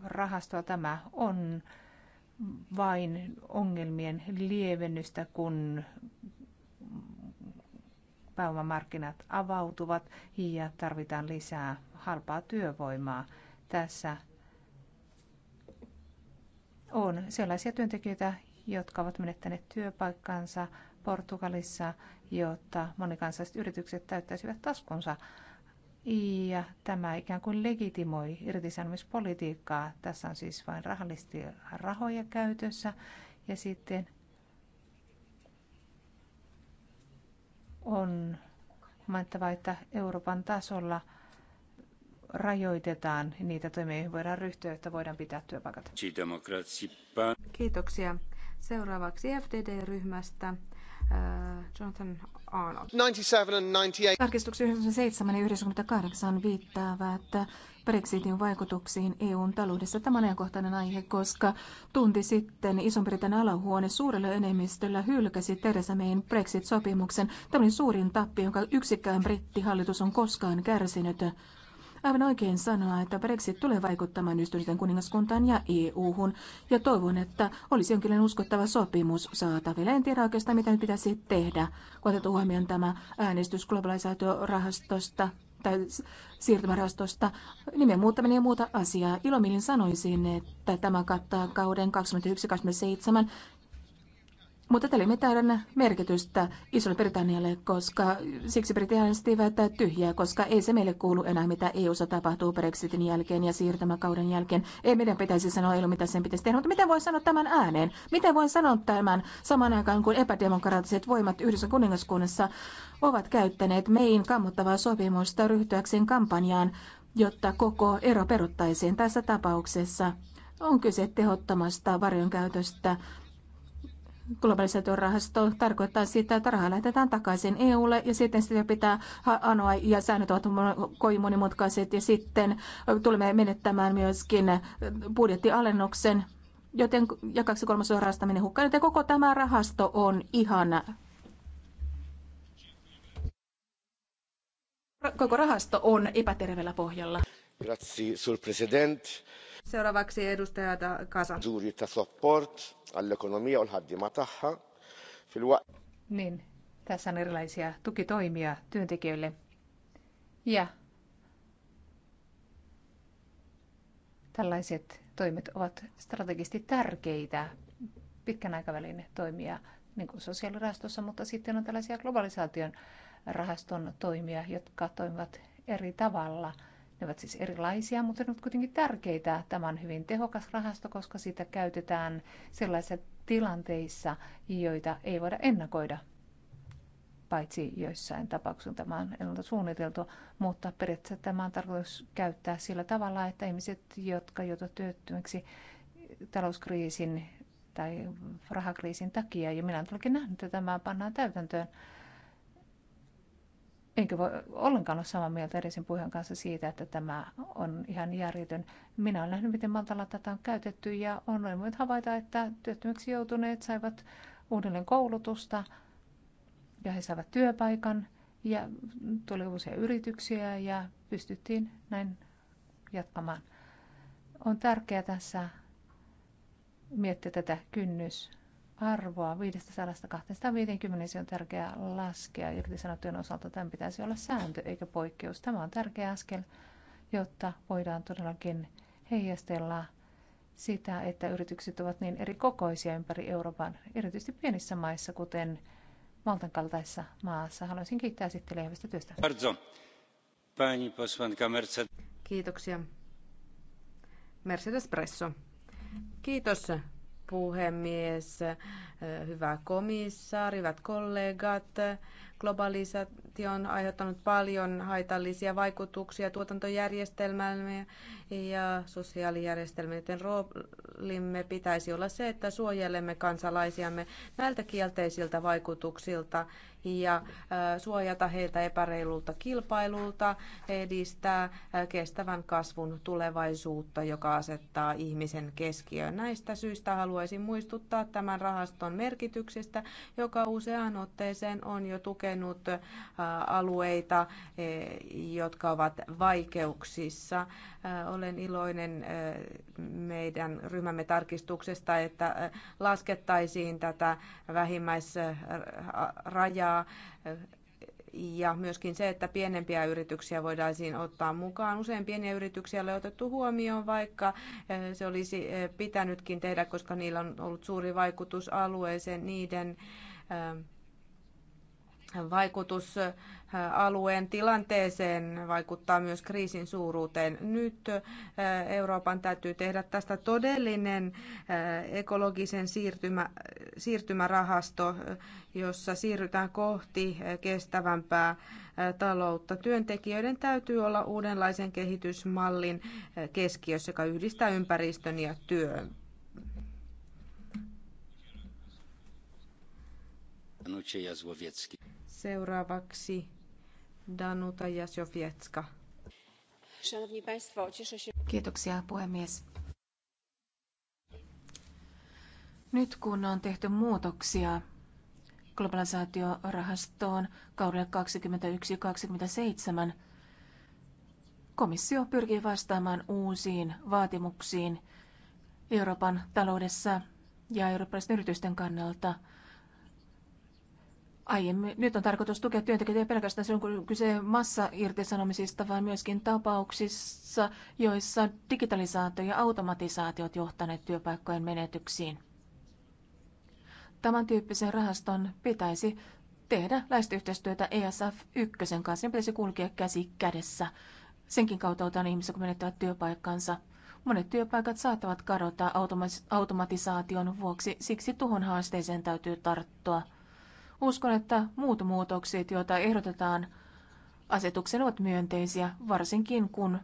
rahastoa. Tämä on vain ongelmien lievennystä, kun pääomamarkkinat avautuvat ja tarvitaan lisää halpaa työvoimaa. Tässä on sellaisia työntekijöitä, jotka ovat menettäneet työpaikkansa Portugalissa, jotta monikansalliset yritykset täyttäisivät taskunsa. Ja tämä ikään kuin legitimoi irtisanomispolitiikkaa. Tässä on siis vain rahallisesti rahoja käytössä ja sitten on mainittava, että Euroopan tasolla rajoitetaan niitä toimia, joihin voidaan ryhtyä, että voidaan pitää työpaikat. Kiitoksia. Seuraavaksi FDD-ryhmästä
äh, Jonathan on. 97 97 ja 98 viittaavat Brexitin vaikutuksiin EUn taloudessa. Tämä on ajankohtainen aihe, koska tunti sitten Ison-Britannian alahuone suurella enemmistöllä hylkäsi Theresa Mayn Brexit-sopimuksen. Tämä oli suurin tappi, jonka yksikään brittihallitus on koskaan kärsinyt aivan oikein sanoa, että Brexit tulee vaikuttamaan ystävyyden kuningaskuntaan ja EU-hun, ja toivon, että olisi jonkinlainen uskottava sopimus saatavilla. En tiedä oikeastaan, mitä nyt pitäisi tehdä, kun otetaan huomioon tämä äänestys globalisaatiorahastosta tai siirtymärahastosta, nimen muuttaminen ja muuta asiaa. Ilomielin sanoisin, että tämä kattaa kauden 2021-2027 mutta tällä ei mitään merkitystä Isolle Britannialle, koska siksi britannialaiset eivät tyhjää, koska ei se meille kuulu enää, mitä EU-ssa tapahtuu Brexitin jälkeen ja siirtymäkauden jälkeen. Ei meidän pitäisi sanoa EU, mitä sen pitäisi tehdä, mutta miten voi sanoa tämän ääneen? Miten voi sanoa tämän saman aikaan, kun epädemokraattiset voimat Yhdessä kuningaskunnassa ovat käyttäneet mein kammottavaa sopimusta ryhtyäkseen kampanjaan, jotta koko ero peruttaisiin tässä tapauksessa on kyse tehottomasta käytöstä globalisaatiorahasto tarkoittaa sitä, että rahaa lähetetään takaisin EUlle ja sitten sitä pitää anoa ja säännöt ovat kovin monimutkaiset ja sitten tulemme menettämään myöskin budjettialennuksen joten, ja kaksi kolmasosa rahasta menee hukkaan, joten koko tämä rahasto on ihan koko rahasto on epäterveellä pohjalla.
Grazie, sul
Seuraavaksi
edustaja Kasa.
Juuri support all'economia on tagħha
Niin, tässä on erilaisia tukitoimia työntekijöille. Ja tällaiset toimet ovat strategisesti tärkeitä pitkän aikavälin toimia niin kuin sosiaalirahastossa, mutta sitten on tällaisia globalisaation rahaston toimia, jotka toimivat eri tavalla – ne ovat siis erilaisia, mutta ne ovat kuitenkin tärkeitä. Tämä on hyvin tehokas rahasto, koska sitä käytetään sellaisissa tilanteissa, joita ei voida ennakoida paitsi joissain tapauksissa tämä on ennalta suunniteltu, mutta periaatteessa tämä on tarkoitus käyttää sillä tavalla, että ihmiset, jotka joutuvat työttömäksi talouskriisin tai rahakriisin takia, ja minä olen todellakin nähnyt, että tämä pannaan täytäntöön, enkä voi ollenkaan olla samaa mieltä edellisen puheen kanssa siitä, että tämä on ihan järjetön. Minä olen nähnyt, miten Maltalla tätä on käytetty ja on voinut havaita, että työttömiksi joutuneet saivat uudelleen koulutusta ja he saivat työpaikan ja tuli uusia yrityksiä ja pystyttiin näin jatkamaan. On tärkeää tässä miettiä tätä kynnys arvoa 500-250 on tärkeää laskea. Irtisanottujen osalta tämän pitäisi olla sääntö eikä poikkeus. Tämä on tärkeä askel, jotta voidaan todellakin heijastella sitä, että yritykset ovat niin eri kokoisia ympäri Euroopan, erityisesti pienissä maissa, kuten Maltan kaltaisessa maassa. Haluaisin kiittää sitten hyvästä työstä. Kiitoksia. Mercedes
Presso. Kiitos puhemies, hyvä komissaari, hyvät kollegat. Globalisaatio Globalisaatio on aiheuttanut paljon haitallisia vaikutuksia tuotantojärjestelmämme ja sosiaalijärjestelmien roolimme pitäisi olla se, että suojelemme kansalaisiamme näiltä kielteisiltä vaikutuksilta ja suojata heitä epäreilulta kilpailulta, edistää kestävän kasvun tulevaisuutta, joka asettaa ihmisen keskiöön. Näistä syistä haluaisin muistuttaa tämän rahaston merkityksestä, joka useaan otteeseen on jo tukenut Äh, alueita, äh, jotka ovat vaikeuksissa. Äh, olen iloinen meidän ryhmämme tarkistuksesta, että laskettaisiin tätä vähimmäisrajaa ja myöskin se, että pienempiä yrityksiä voidaan ottaa mukaan. Usein pieniä yrityksiä ei otettu huomioon, vaikka se olisi pitänytkin tehdä, koska niillä on ollut suuri vaikutus alueeseen niiden vaikutus äh, alueen tilanteeseen vaikuttaa myös kriisin suuruuteen. Nyt äh, Euroopan täytyy tehdä tästä todellinen äh, ekologisen siirtymä, siirtymärahasto, jossa siirrytään kohti kestävämpää taloutta. Työntekijöiden täytyy olla uudenlaisen kehitysmallin keskiössä, joka yhdistää ympäristön ja työn Seuraavaksi Danuta
Jasjowiecka. Kiitoksia puhemies. Nyt kun on tehty muutoksia globalisaatiorahastoon kaudelle 2021-2027, komissio pyrkii vastaamaan uusiin vaatimuksiin Euroopan taloudessa ja eurooppalaisten yritysten kannalta – Aiemmin, nyt on tarkoitus tukea työntekijöitä pelkästään silloin, kun kyse massa-irtisanomisista, vaan myöskin tapauksissa, joissa digitalisaatio ja automatisaatio ovat johtaneet työpaikkojen menetyksiin. Tämän tyyppisen rahaston pitäisi tehdä lähestyyhteistyötä ESF1 kanssa. Sen pitäisi kulkea käsi kädessä. Senkin kautta otetaan ihmisiä, kun menettävät työpaikkansa. Monet työpaikat saattavat kadota automatisaation vuoksi, siksi tuohon haasteeseen täytyy tarttua – Uskon, että muut muutokset, joita ehdotetaan asetuksen, ovat myönteisiä, varsinkin kun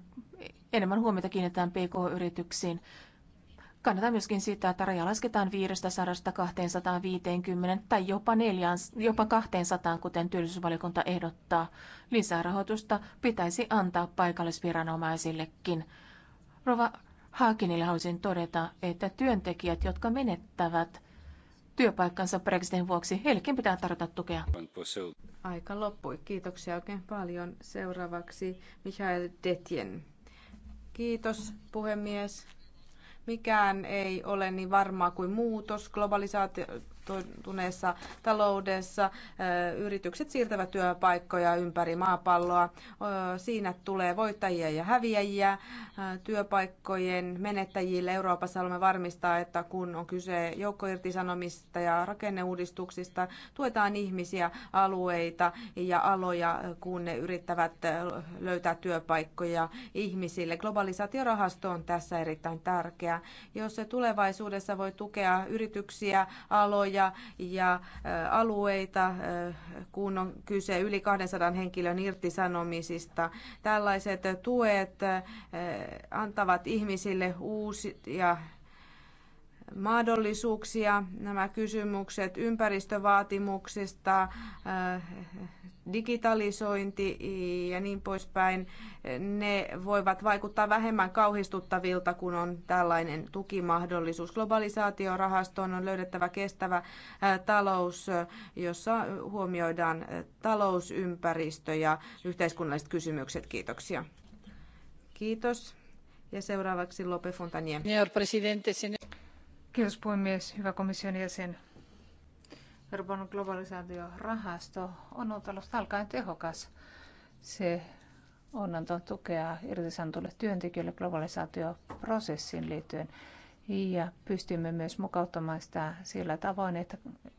enemmän huomiota kiinnitetään PK-yrityksiin. Kannatan myöskin sitä, että raja lasketaan 500-250 tai jopa, 4, jopa 200, kuten työllisyysvaliokunta ehdottaa. Lisärahoitusta pitäisi antaa paikallisviranomaisillekin. Rova Haakinille haluaisin todeta, että työntekijät, jotka menettävät työpaikkansa Brexitin vuoksi. Heillekin pitää tarjota tukea.
Aika loppui. Kiitoksia oikein paljon. Seuraavaksi Michael Detjen. Kiitos puhemies. Mikään ei ole niin varmaa kuin muutos. Globalisaatio globalisoituneessa taloudessa yritykset siirtävät työpaikkoja ympäri maapalloa. Siinä tulee voittajia ja häviäjiä. Työpaikkojen menettäjille Euroopassa haluamme varmistaa, että kun on kyse joukkoirtisanomista ja rakenneuudistuksista, tuetaan ihmisiä, alueita ja aloja, kun ne yrittävät löytää työpaikkoja ihmisille. Globalisaatiorahasto on tässä erittäin tärkeä. Jos se tulevaisuudessa voi tukea yrityksiä, aloja, rajoja ja alueita, kun on kyse yli 200 henkilön irtisanomisista. Tällaiset tuet antavat ihmisille uusia mahdollisuuksia. Nämä kysymykset ympäristövaatimuksista, äh, digitalisointi ja niin poispäin, ne voivat vaikuttaa vähemmän kauhistuttavilta, kun on tällainen tukimahdollisuus. Globalisaatiorahastoon on löydettävä kestävä äh, talous, jossa huomioidaan talousympäristö ja yhteiskunnalliset kysymykset. Kiitoksia. Kiitos. Ja seuraavaksi Lope Fontanier. Señor
presidente, señor... Kiitos puhemies, hyvä komission jäsen. Euroopan globalisaatiorahasto on ollut alusta alkaen tehokas. Se on antanut tukea irtisanotulle työntekijöille globalisaatioprosessiin liittyen ja pystymme myös mukauttamaan sitä sillä tavoin, että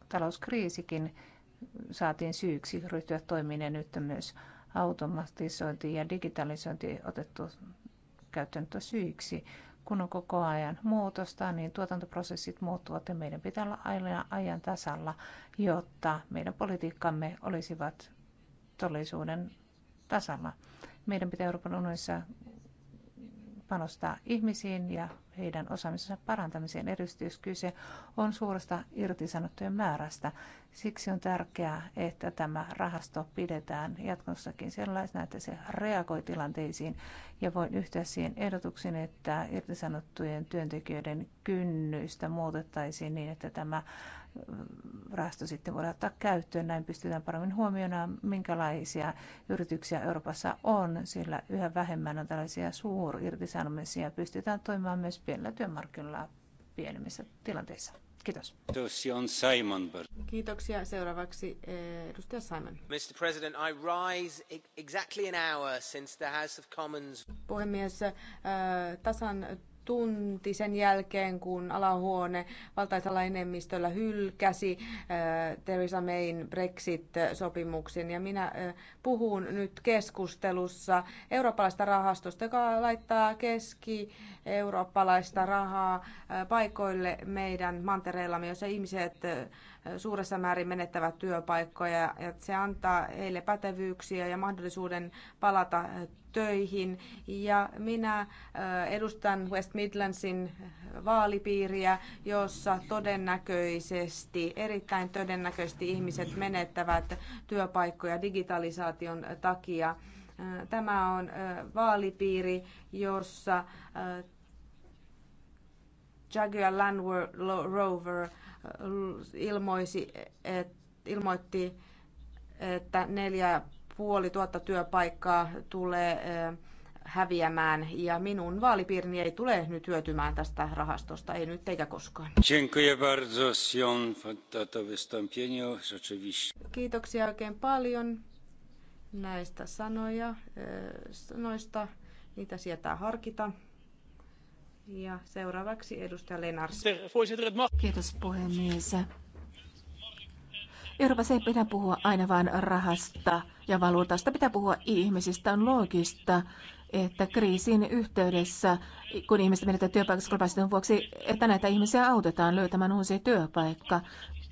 talouskriisikin saatiin syyksi ryhtyä toimiin ja nyt myös automatisointi ja digitalisointi otettu käyttöön syyksi kun on koko ajan muutosta, niin tuotantoprosessit muuttuvat ja meidän pitää olla aina ajan tasalla, jotta meidän politiikkamme olisivat todellisuuden tasalla. Meidän pitää Euroopan unionissa panostaa ihmisiin ja heidän osaamisensa parantamiseen. Erityiskyse on suuresta irtisanottujen määrästä. Siksi on tärkeää, että tämä rahasto pidetään jatkossakin sellaisena, että se reagoi tilanteisiin. Ja voin yhtyä siihen ehdotuksiin, että irtisanottujen työntekijöiden kynnystä muutettaisiin niin, että tämä mm, rahasto sitten voidaan ottaa käyttöön. Näin pystytään paremmin huomioimaan, minkälaisia yrityksiä Euroopassa on, sillä yhä vähemmän on tällaisia suurirtisanomisia. Pystytään toimimaan myös pienillä työmarkkinoilla pienemmissä tilanteissa. Kiitos. Kiitoksia.
Seuraavaksi eh, edustaja Simon.
Mr. President, I rise e- exactly an hour since the House of
Commons... Puhemies, eh, tasan tunti sen jälkeen, kun alahuone valtaisella enemmistöllä hylkäsi äh, Theresa Mayn Brexit-sopimuksen. Ja minä äh, puhun nyt keskustelussa eurooppalaista rahastosta, joka laittaa keski-eurooppalaista rahaa äh, paikoille meidän mantereillamme, jossa ihmiset suuressa määrin menettävät työpaikkoja ja se antaa heille pätevyyksiä ja mahdollisuuden palata äh, töihin. Ja minä äh, edustan West Midlandsin äh, vaalipiiriä, jossa todennäköisesti, erittäin todennäköisesti ihmiset menettävät työpaikkoja digitalisaation takia. Tämä on vaalipiiri, jossa Jaguar Land Rover ilmoisi, et, ilmoitti, että neljä puoli tuhatta työpaikkaa tulee häviämään ja minun vaalipiirini ei tule nyt hyötymään tästä rahastosta, ei nyt eikä koskaan. Kiitoksia oikein paljon näistä sanoja, e, sanoista. Niitä sietää harkita. Ja seuraavaksi edustaja Lenars. Kiitos puhemies.
Euroopassa ei pidä puhua aina vain rahasta ja valuutasta, pitää puhua ihmisistä. On loogista, että kriisin yhteydessä, kun ihmiset menetetään työpaikassa globaalisen vuoksi, että näitä ihmisiä autetaan löytämään uusi työpaikka.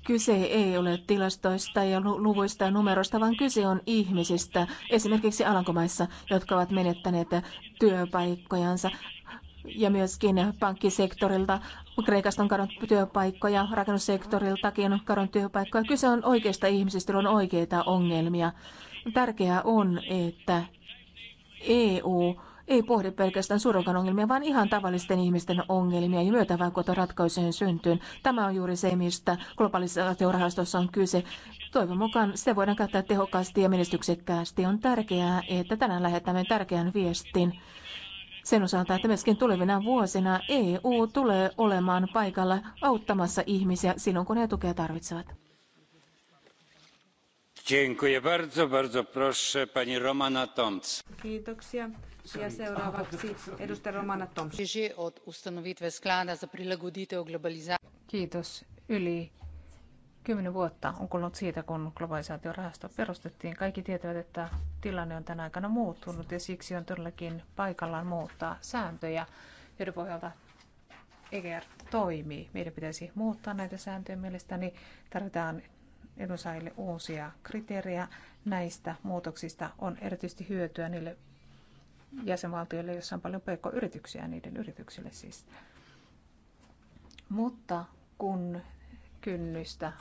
Kyse ei ole tilastoista ja luvuista ja numeroista, vaan kyse on ihmisistä, esimerkiksi Alankomaissa, jotka ovat menettäneet työpaikkojansa ja myöskin pankkisektorilta. Kreikasta on kadonnut työpaikkoja, rakennussektoriltakin on kadonnut työpaikkoja. Kyse on oikeista ihmisistä, joilla on oikeita ongelmia. Tärkeää on, että EU ei pohdi pelkästään surunkan ongelmia, vaan ihan tavallisten ihmisten ongelmia ja myötävaikuta ratkaisujen syntyyn. Tämä on juuri se, mistä globalisaatiorahastossa on kyse. Toivon mukaan se voidaan käyttää tehokkaasti ja menestyksekkäästi. On tärkeää, että tänään lähetämme tärkeän viestin sen osalta, että myöskin tulevina vuosina EU tulee olemaan paikalla auttamassa ihmisiä silloin, kun he tukea tarvitsevat.
Kiitoksia. Ja seuraavaksi edustaja Romana Toms. Kiitos. Yli Kymmenen vuotta on kulunut siitä, kun globalisaatiorahasto perustettiin. Kaikki tietävät, että tilanne on tänä aikana muuttunut ja siksi on todellakin paikallaan muuttaa sääntöjä, joiden pohjalta EGR toimii. Meidän pitäisi muuttaa näitä sääntöjä. Mielestäni tarvitaan edunsaajille uusia kriteerejä. Näistä muutoksista on erityisesti hyötyä niille jäsenvaltioille, joissa on paljon pk-yrityksiä, niiden yrityksille siis. Mutta kun kynnystä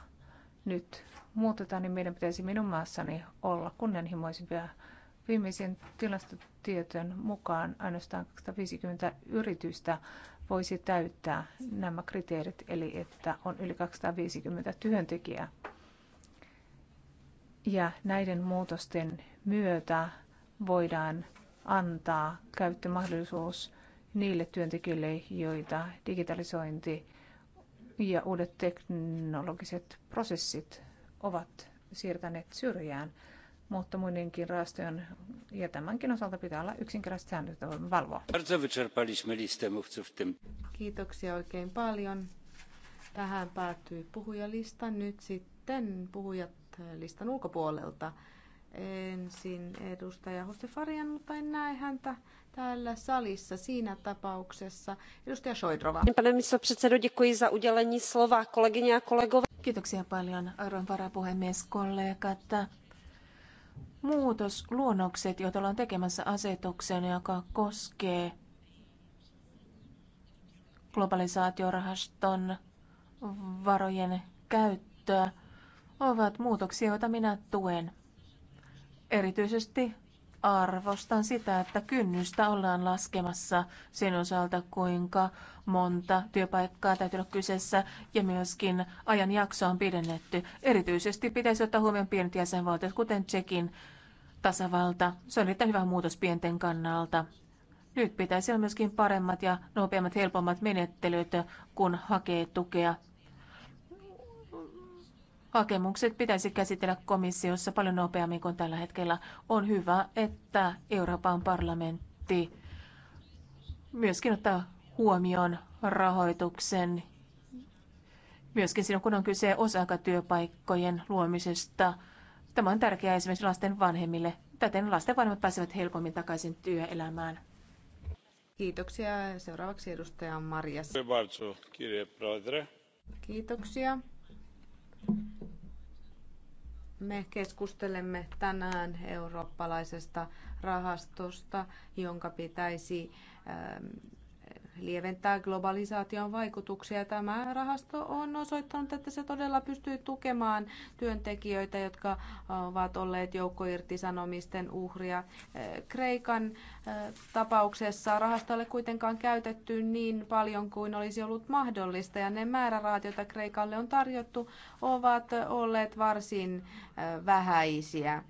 nyt muutetaan, niin meidän pitäisi minun maassani olla kunnianhimoisimpia. Viimeisen tilastotietojen mukaan ainoastaan 250 yritystä voisi täyttää nämä kriteerit, eli että on yli 250 työntekijää. Ja näiden muutosten myötä voidaan antaa käyttömahdollisuus niille työntekijöille, joita digitalisointi ja uudet teknologiset prosessit ovat siirtäneet syrjään mutta muidenkin rahastojen ja tämänkin osalta pitää olla yksinkertaiset säännöt, joita voimme valvoa. Kiitoksia
oikein paljon. Tähän päättyy puhujalista. Nyt sitten puhujat listan ulkopuolelta. Ensin edustaja Hostefarian, mutta en näe häntä täällä salissa siinä tapauksessa. Edustaja Soidrova. Pane
předsedo, děkuji za udělení slova kolegyně ja kollegové. Kiitoksia paljon, arvon varapuhemies, kollegat. Muutosluonnokset, joita ollaan tekemässä asetuksen, joka koskee globalisaatiorahaston varojen käyttöä, ovat muutoksia, joita minä tuen. Erityisesti arvostan sitä, että kynnystä ollaan laskemassa sen osalta, kuinka monta työpaikkaa täytyy olla kyseessä ja myöskin ajanjakso on pidennetty. Erityisesti pitäisi ottaa huomioon pienet jäsenvaltiot, kuten Tsekin tasavalta. Se on erittäin hyvä muutos pienten kannalta. Nyt pitäisi olla myöskin paremmat ja nopeammat, helpommat menettelyt, kun hakee tukea Hakemukset pitäisi käsitellä komissiossa paljon nopeammin kuin tällä hetkellä. On hyvä, että Euroopan parlamentti myöskin ottaa huomioon rahoituksen myöskin silloin, kun on kyse osa-aikatyöpaikkojen luomisesta. Tämä on tärkeää esimerkiksi lasten vanhemmille. Täten lasten vanhemmat pääsevät helpommin takaisin työelämään.
Kiitoksia. Seuraavaksi edustaja Marjas. Kiitoksia. Me keskustelemme tänään eurooppalaisesta rahastosta, jonka pitäisi ähm, lieventää globalisaation vaikutuksia. Tämä rahasto on osoittanut, että se todella pystyy tukemaan työntekijöitä, jotka äh, ovat olleet joukkoirtisanomisten uhria. Äh, Kreikan äh, tapauksessa rahasto ei ole kuitenkaan käytetty niin paljon kuin olisi ollut mahdollista, ja ne määrärahat, joita Kreikalle on tarjottu, ovat olleet varsin vähäisiä.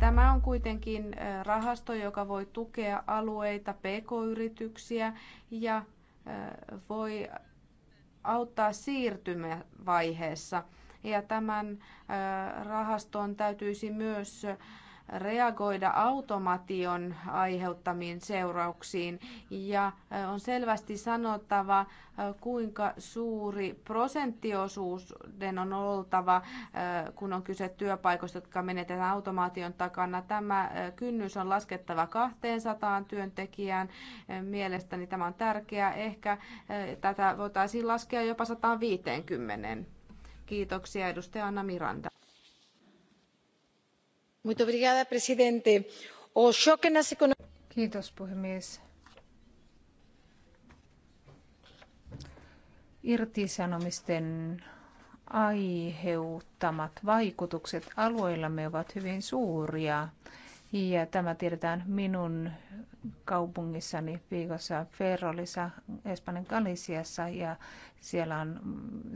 Tämä on kuitenkin rahasto, joka voi tukea alueita, pk-yrityksiä ja voi auttaa siirtymävaiheessa. Ja tämän rahaston täytyisi myös reagoida automation aiheuttamiin seurauksiin ja on selvästi sanottava, kuinka suuri prosenttiosuuden on oltava, kun on kyse työpaikoista, jotka menetetään automaation takana. Tämä kynnys on laskettava 200 työntekijään. Mielestäni tämä on tärkeää. Ehkä tätä voitaisiin laskea jopa 150. Kiitoksia edustaja Anna Miranda.
Kiitos puhemies. Irtisanomisten aiheuttamat vaikutukset alueillamme ovat hyvin suuria. Ja tämä tiedetään minun kaupungissani viikossa Ferrolissa, Espanjan Galisiassa ja siellä on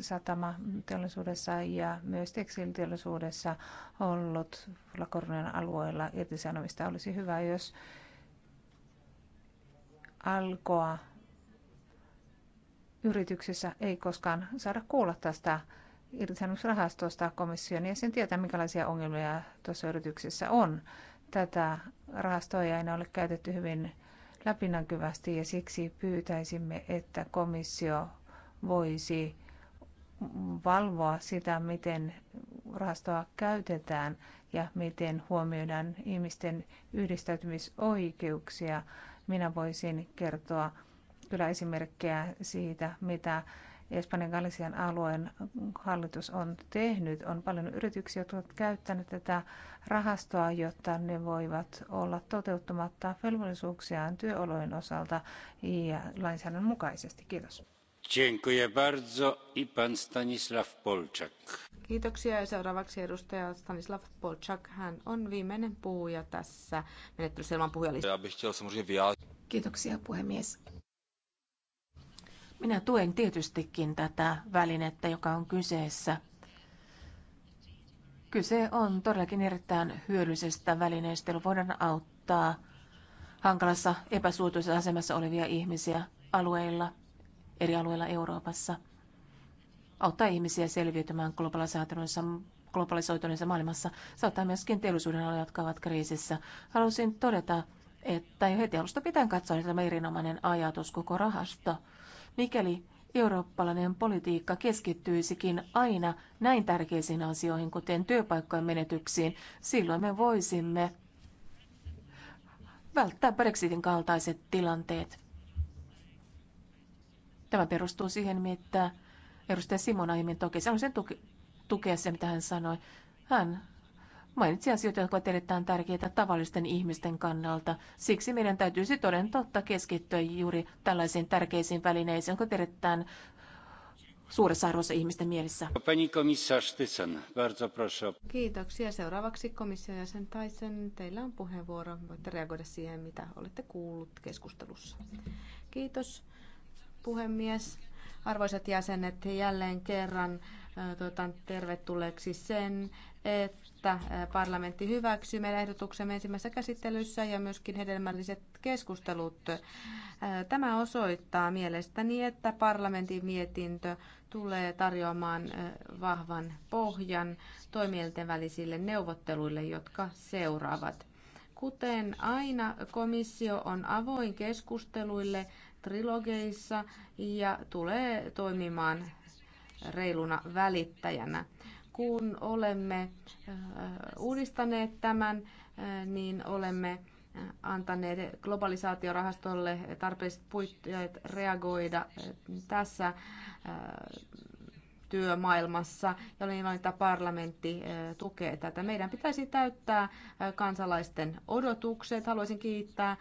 satama teollisuudessa ja myös tekstiliteollisuudessa ollut Lakornian alueella irtisanomista. Olisi hyvä, jos alkoa yrityksissä ei koskaan saada kuulla tästä irtisanomisrahastosta komission ja sen tietää, minkälaisia ongelmia tuossa yrityksessä on. Tätä rahastoa ei aina ole käytetty hyvin läpinäkyvästi ja siksi pyytäisimme, että komissio voisi valvoa sitä, miten rahastoa käytetään ja miten huomioidaan ihmisten yhdistäytymisoikeuksia. Minä voisin kertoa kyllä esimerkkejä siitä, mitä Espanjan Galician alueen hallitus on tehnyt. On paljon yrityksiä, jotka ovat käyttäneet tätä rahastoa, jotta ne voivat olla toteuttamatta velvollisuuksiaan työolojen osalta ja lainsäädännön mukaisesti. Kiitos.
Dziękuję bardzo i pan Stanisław Polczak.
Kiitoksia ja seuraavaksi
edustaja Stanislav Polczak. Hän on viimeinen puhuja tässä menettelyssä ilman
Kiitoksia puhemies minä tuen tietystikin tätä välinettä, joka on kyseessä. Kyse on todellakin erittäin hyödyllisestä välineestä, jolla voidaan auttaa hankalassa epäsuotuisessa asemassa olevia ihmisiä alueilla, eri alueilla Euroopassa. Auttaa ihmisiä selviytymään globalisoituneessa, globalisoituneessa maailmassa. Saattaa myöskin teollisuuden aloja, jotka ovat kriisissä. Haluaisin todeta, että jo heti alusta pitää katsoa, että tämä erinomainen ajatus koko rahasta – Mikäli eurooppalainen politiikka keskittyisikin aina näin tärkeisiin asioihin, kuten työpaikkojen menetyksiin, silloin me voisimme välttää Brexitin kaltaiset tilanteet. Tämä perustuu siihen, mitä edustaja Simon aiemmin toki sanoi, sen tuki, tukea se, mitä hän sanoi. Hän mainitsi asioita, jotka ovat erittäin tärkeitä tavallisten ihmisten kannalta. Siksi meidän täytyisi toden totta keskittyä juuri tällaisiin tärkeisiin välineisiin, jotka ovat erittäin suuressa arvossa ihmisten mielessä.
Kiitoksia. Seuraavaksi komission jäsen Taisen, teillä on puheenvuoro. Voitte reagoida siihen, mitä olette kuullut keskustelussa. Kiitos puhemies. Arvoisat jäsenet, jälleen kerran tuotan tervetulleeksi sen, että parlamentti hyväksyy meidän ehdotuksemme ensimmäisessä käsittelyssä ja myöskin hedelmälliset keskustelut. Tämä osoittaa mielestäni, että parlamentin mietintö tulee tarjoamaan vahvan pohjan toimielten välisille neuvotteluille, jotka seuraavat. Kuten aina, komissio on avoin keskusteluille trilogeissa ja tulee toimimaan reiluna välittäjänä. Kun olemme äh, uudistaneet tämän, äh, niin olemme äh, antaneet globalisaatiorahastolle tarpeelliset puitteet reagoida tässä työmaailmassa ja olen iloinen, että parlamentti tukee tätä. Meidän pitäisi täyttää kansalaisten odotukset. Haluaisin kiittää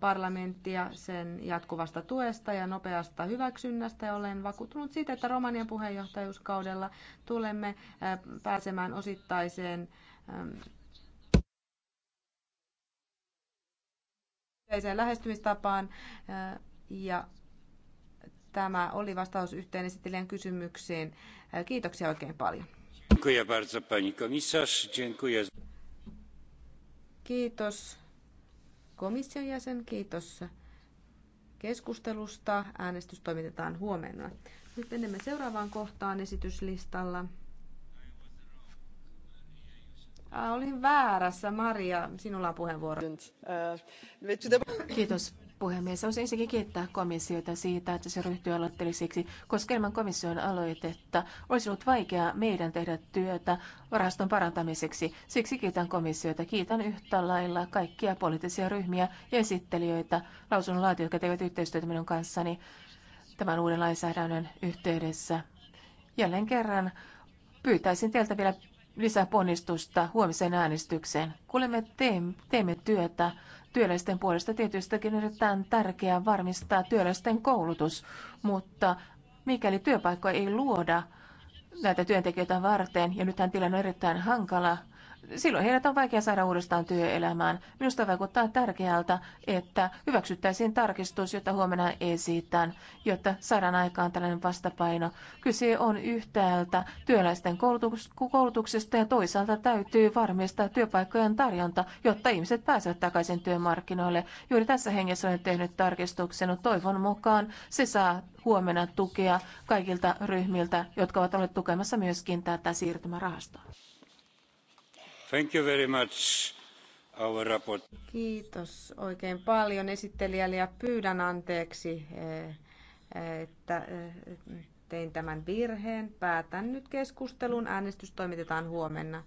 parlamenttia sen jatkuvasta tuesta ja nopeasta hyväksynnästä ja olen vakuuttunut siitä, että Romanian puheenjohtajuuskaudella tulemme pääsemään osittaiseen yleiseen lähestymistapaan ja Tämä oli vastaus yhteen esittelijän kysymykseen. Kiitoksia oikein paljon. Kiitos komission jäsen, kiitos keskustelusta. Äänestys toimitetaan huomenna. Nyt menemme seuraavaan kohtaan esityslistalla.
Ah, olin väärässä, Maria. Sinulla on puheenvuoro. Kiitos puhemies. Olisi ensinnäkin kiittää komissiota siitä, että se ryhtyy aloitteelliseksi, koska ilman komission aloitetta olisi ollut vaikeaa meidän tehdä työtä varaston parantamiseksi. Siksi kiitän komissiota. Kiitän yhtä lailla kaikkia poliittisia ryhmiä ja esittelijöitä, lausunnonlaatijoita, jotka tekevät yhteistyötä minun kanssani tämän uuden lainsäädännön yhteydessä. Jälleen kerran pyytäisin teiltä vielä lisää ponnistusta huomisen äänestykseen. Kuulemme teemme työtä Työläisten puolesta tietystikin erittäin tärkeää varmistaa työläisten koulutus, mutta mikäli työpaikkoja ei luoda näitä työntekijöitä varten, ja nythän tilanne on erittäin hankala, silloin heidät on vaikea saada uudestaan työelämään. Minusta vaikuttaa tärkeältä, että hyväksyttäisiin tarkistus, jota huomenna esitän, jotta saadaan aikaan tällainen vastapaino. Kyse on yhtäältä työläisten koulutuksesta ja toisaalta täytyy varmistaa työpaikkojen tarjonta, jotta ihmiset pääsevät takaisin työmarkkinoille. Juuri tässä hengessä olen tehnyt tarkistuksen. Toivon mukaan se saa huomenna tukea kaikilta ryhmiltä, jotka ovat olleet tukemassa myöskin tätä siirtymärahastoa. Kiitos oikein
paljon esittelijälle ja pyydän anteeksi, eh, eh, että eh, tein tämän virheen. Päätän nyt keskustelun. Äänestys toimitetaan huomenna.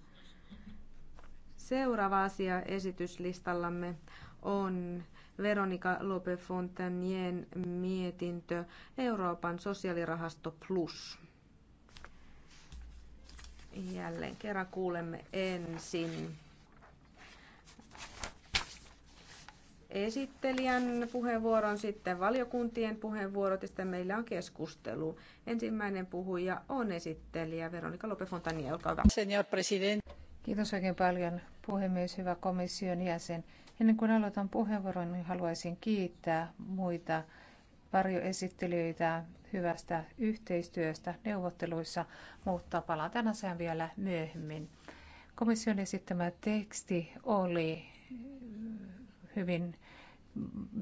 Seuraava asia esityslistallamme on Veronika Lope Fontanien mietintö Euroopan sosiaalirahasto Plus. Jälleen kerran kuulemme ensin esittelijän puheenvuoron, sitten valiokuntien puheenvuorot ja sitten meillä on keskustelu. Ensimmäinen puhuja on esittelijä Veronika Lopefontani, olkaa hyvä. Senior president.
Kiitos oikein paljon puhemies, hyvä komission jäsen. Ennen kuin aloitan puheenvuoron, niin haluaisin kiittää muita varjoesittelijöitä hyvästä yhteistyöstä neuvotteluissa, mutta palaan tämän asian vielä myöhemmin. Komission esittämä teksti oli hyvin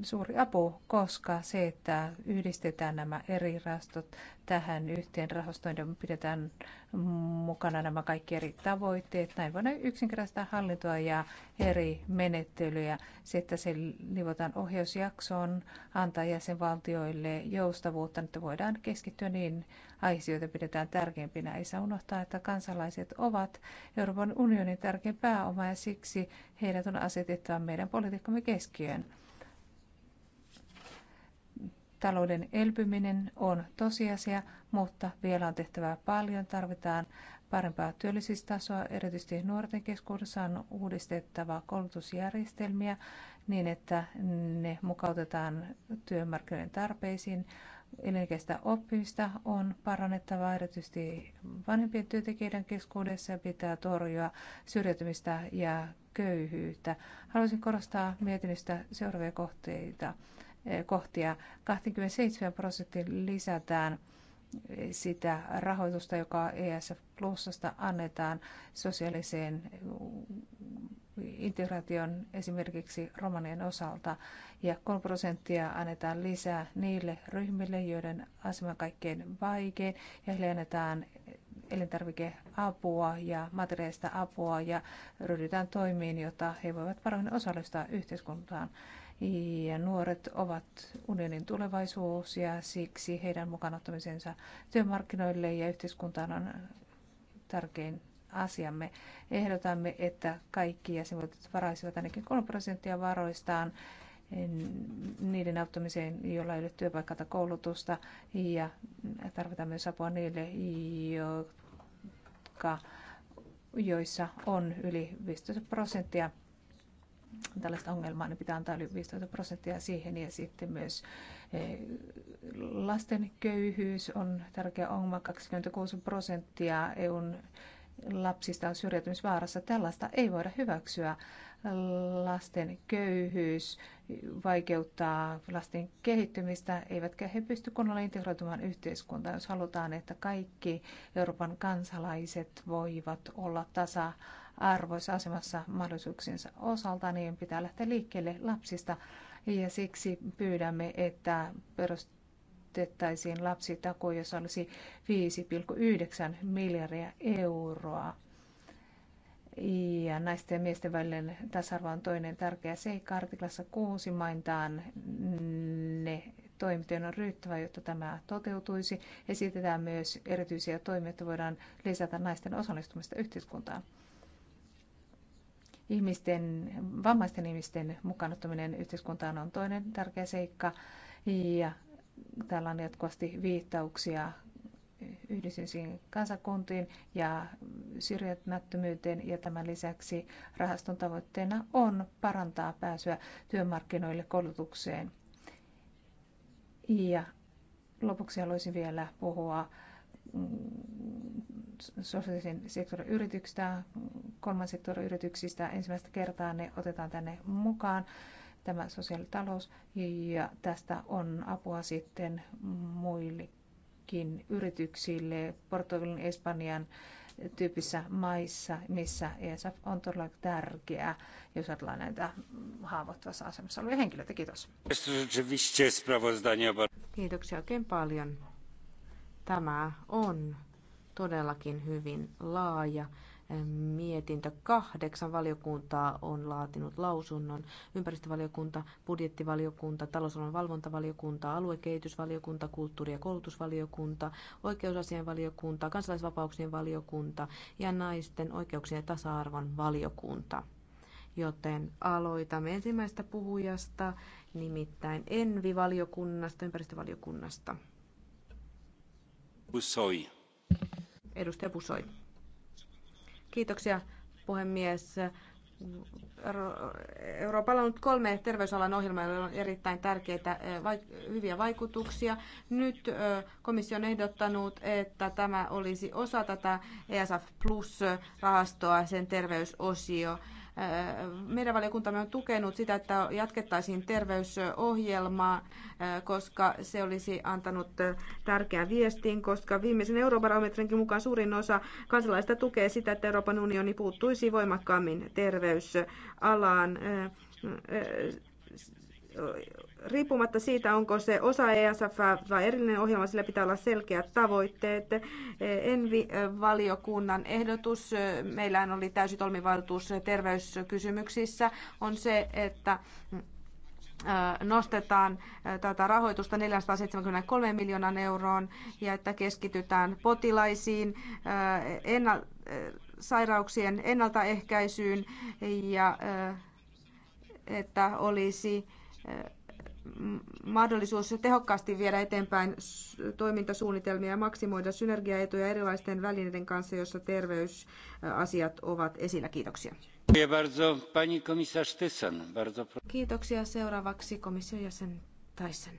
suuri apu, koska se, että yhdistetään nämä eri rahastot tähän yhteen rahastoon ja pidetään mukana nämä kaikki eri tavoitteet, näin voidaan yksinkertaistaa hallintoa ja eri menettelyjä. Se, että se nivotaan ohjausjaksoon, antaa jäsenvaltioille joustavuutta, että voidaan keskittyä niin aiheisiin, joita pidetään tärkeimpinä. Ei saa unohtaa, että kansalaiset ovat Euroopan unionin tärkein pääoma ja siksi heidät on asetettava meidän politiikkamme keskiöön Talouden elpyminen on tosiasia, mutta vielä on tehtävää paljon. Tarvitaan parempaa työllisyystasoa, erityisesti nuorten keskuudessa on uudistettava koulutusjärjestelmiä niin, että ne mukautetaan työmarkkinoiden tarpeisiin. Elinikäistä oppimista on parannettava erityisesti vanhempien työntekijöiden keskuudessa ja pitää torjua syrjäytymistä ja köyhyyttä. Haluaisin korostaa mietinnöstä seuraavia kohteita. Eh, kohtia. 27 prosenttia lisätään eh, sitä rahoitusta, joka ESF Plusasta annetaan sosiaaliseen integraation esimerkiksi romanien osalta ja 3 prosenttia annetaan lisää niille ryhmille, joiden asema kaikkein vaikein ja heille annetaan elintarvikeapua ja materiaalista apua ja ryhdytään toimiin, jotta he voivat paremmin osallistua yhteiskuntaan ja nuoret ovat unionin tulevaisuus ja siksi heidän mukanottamisensa työmarkkinoille ja yhteiskuntaan on tärkein asiamme. Ehdotamme, että kaikki jäsenvaltiot varaisivat ainakin 3 prosenttia varoistaan niiden auttamiseen, joilla ei ole työpaikkaa tai koulutusta ja tarvitaan myös apua niille, jotka, joissa on yli 15 prosenttia tällaista ongelmaa, niin pitää antaa yli 15 prosenttia siihen. Ja sitten myös eh, lasten köyhyys on tärkeä ongelma. 26 prosenttia EUn lapsista on syrjäytymisvaarassa. Tällaista ei voida hyväksyä. Lasten köyhyys vaikeuttaa lasten kehittymistä, eivätkä he pysty kunnolla integroitumaan yhteiskuntaan, jos halutaan, että kaikki Euroopan kansalaiset voivat olla tasa arvoisessa asemassa mahdollisuuksiensa osalta, niin pitää lähteä liikkeelle lapsista. Ja siksi pyydämme, että perustettaisiin lapsitako, jossa olisi 5,9 miljardia euroa. Ja naisten ja miesten välinen tasa-arvo on toinen tärkeä seikka. Artiklassa 6 mainitaan ne toimintojen on ryhtyvä, jotta tämä toteutuisi. Esitetään myös erityisiä toimia, että voidaan lisätä naisten osallistumista yhteiskuntaan ihmisten, vammaisten ihmisten mukaanottaminen yhteiskuntaan on toinen tärkeä seikka. Ja täällä on jatkuvasti viittauksia yhdistyisiin kansakuntiin ja syrjäytymättömyyteen ja tämän lisäksi rahaston tavoitteena on parantaa pääsyä työmarkkinoille koulutukseen. Ja lopuksi haluaisin vielä puhua sosiaalisen sektorin yrityksistä, kolmannen sektorin yrityksistä. Ensimmäistä kertaa ne otetaan tänne mukaan, tämä sosiaalitalous, ja tästä on apua sitten muillekin yrityksille Portugalin, Espanjan tyyppisissä maissa, missä ESF on todella tärkeää, jos ajatellaan näitä haavoittuvassa asemassa olevia henkilöitä. Kiitos. Kiitoksia oikein paljon.
Tämä on todellakin hyvin laaja mietintö. Kahdeksan valiokuntaa on laatinut lausunnon. Ympäristövaliokunta, budjettivaliokunta, talousalan valvontavaliokunta, aluekehitysvaliokunta, kulttuuri- ja koulutusvaliokunta, oikeusasianvaliokunta, kansalaisvapauksien valiokunta ja naisten oikeuksien ja tasa-arvon valiokunta. Joten aloitamme ensimmäistä puhujasta, nimittäin Envi-valiokunnasta, ympäristövaliokunnasta. Busoi. Edustaja Pusoi. Kiitoksia puhemies. Euroopalla on nyt kolme terveysalan ohjelmaa, joilla on erittäin tärkeitä hyviä vaikutuksia. Nyt komissio on ehdottanut, että tämä olisi osa tätä ESF Plus-rahastoa, sen terveysosio. Äh, meidän valiokuntamme on tukenut sitä, että jatkettaisiin terveysohjelmaa, äh, koska se olisi antanut äh, tärkeän viestin, koska viimeisen eurobarometrinkin mukaan suurin osa kansalaista tukee sitä, että Euroopan unioni puuttuisi voimakkaammin terveysalaan riippumatta siitä, onko se osa ESF vai erillinen ohjelma, sillä pitää olla selkeät tavoitteet. Envi-valiokunnan ehdotus, meillä oli täysi toimivaltuus terveyskysymyksissä, on se, että nostetaan tätä rahoitusta 473 miljoonan euroon ja että keskitytään potilaisiin, enna, sairauksien ennaltaehkäisyyn ja että olisi mahdollisuus tehokkaasti viedä eteenpäin toimintasuunnitelmia ja maksimoida synergiaetuja erilaisten välineiden kanssa, joissa terveysasiat ovat esillä. Kiitoksia. Kiitoksia. Seuraavaksi komission jäsen Tyson.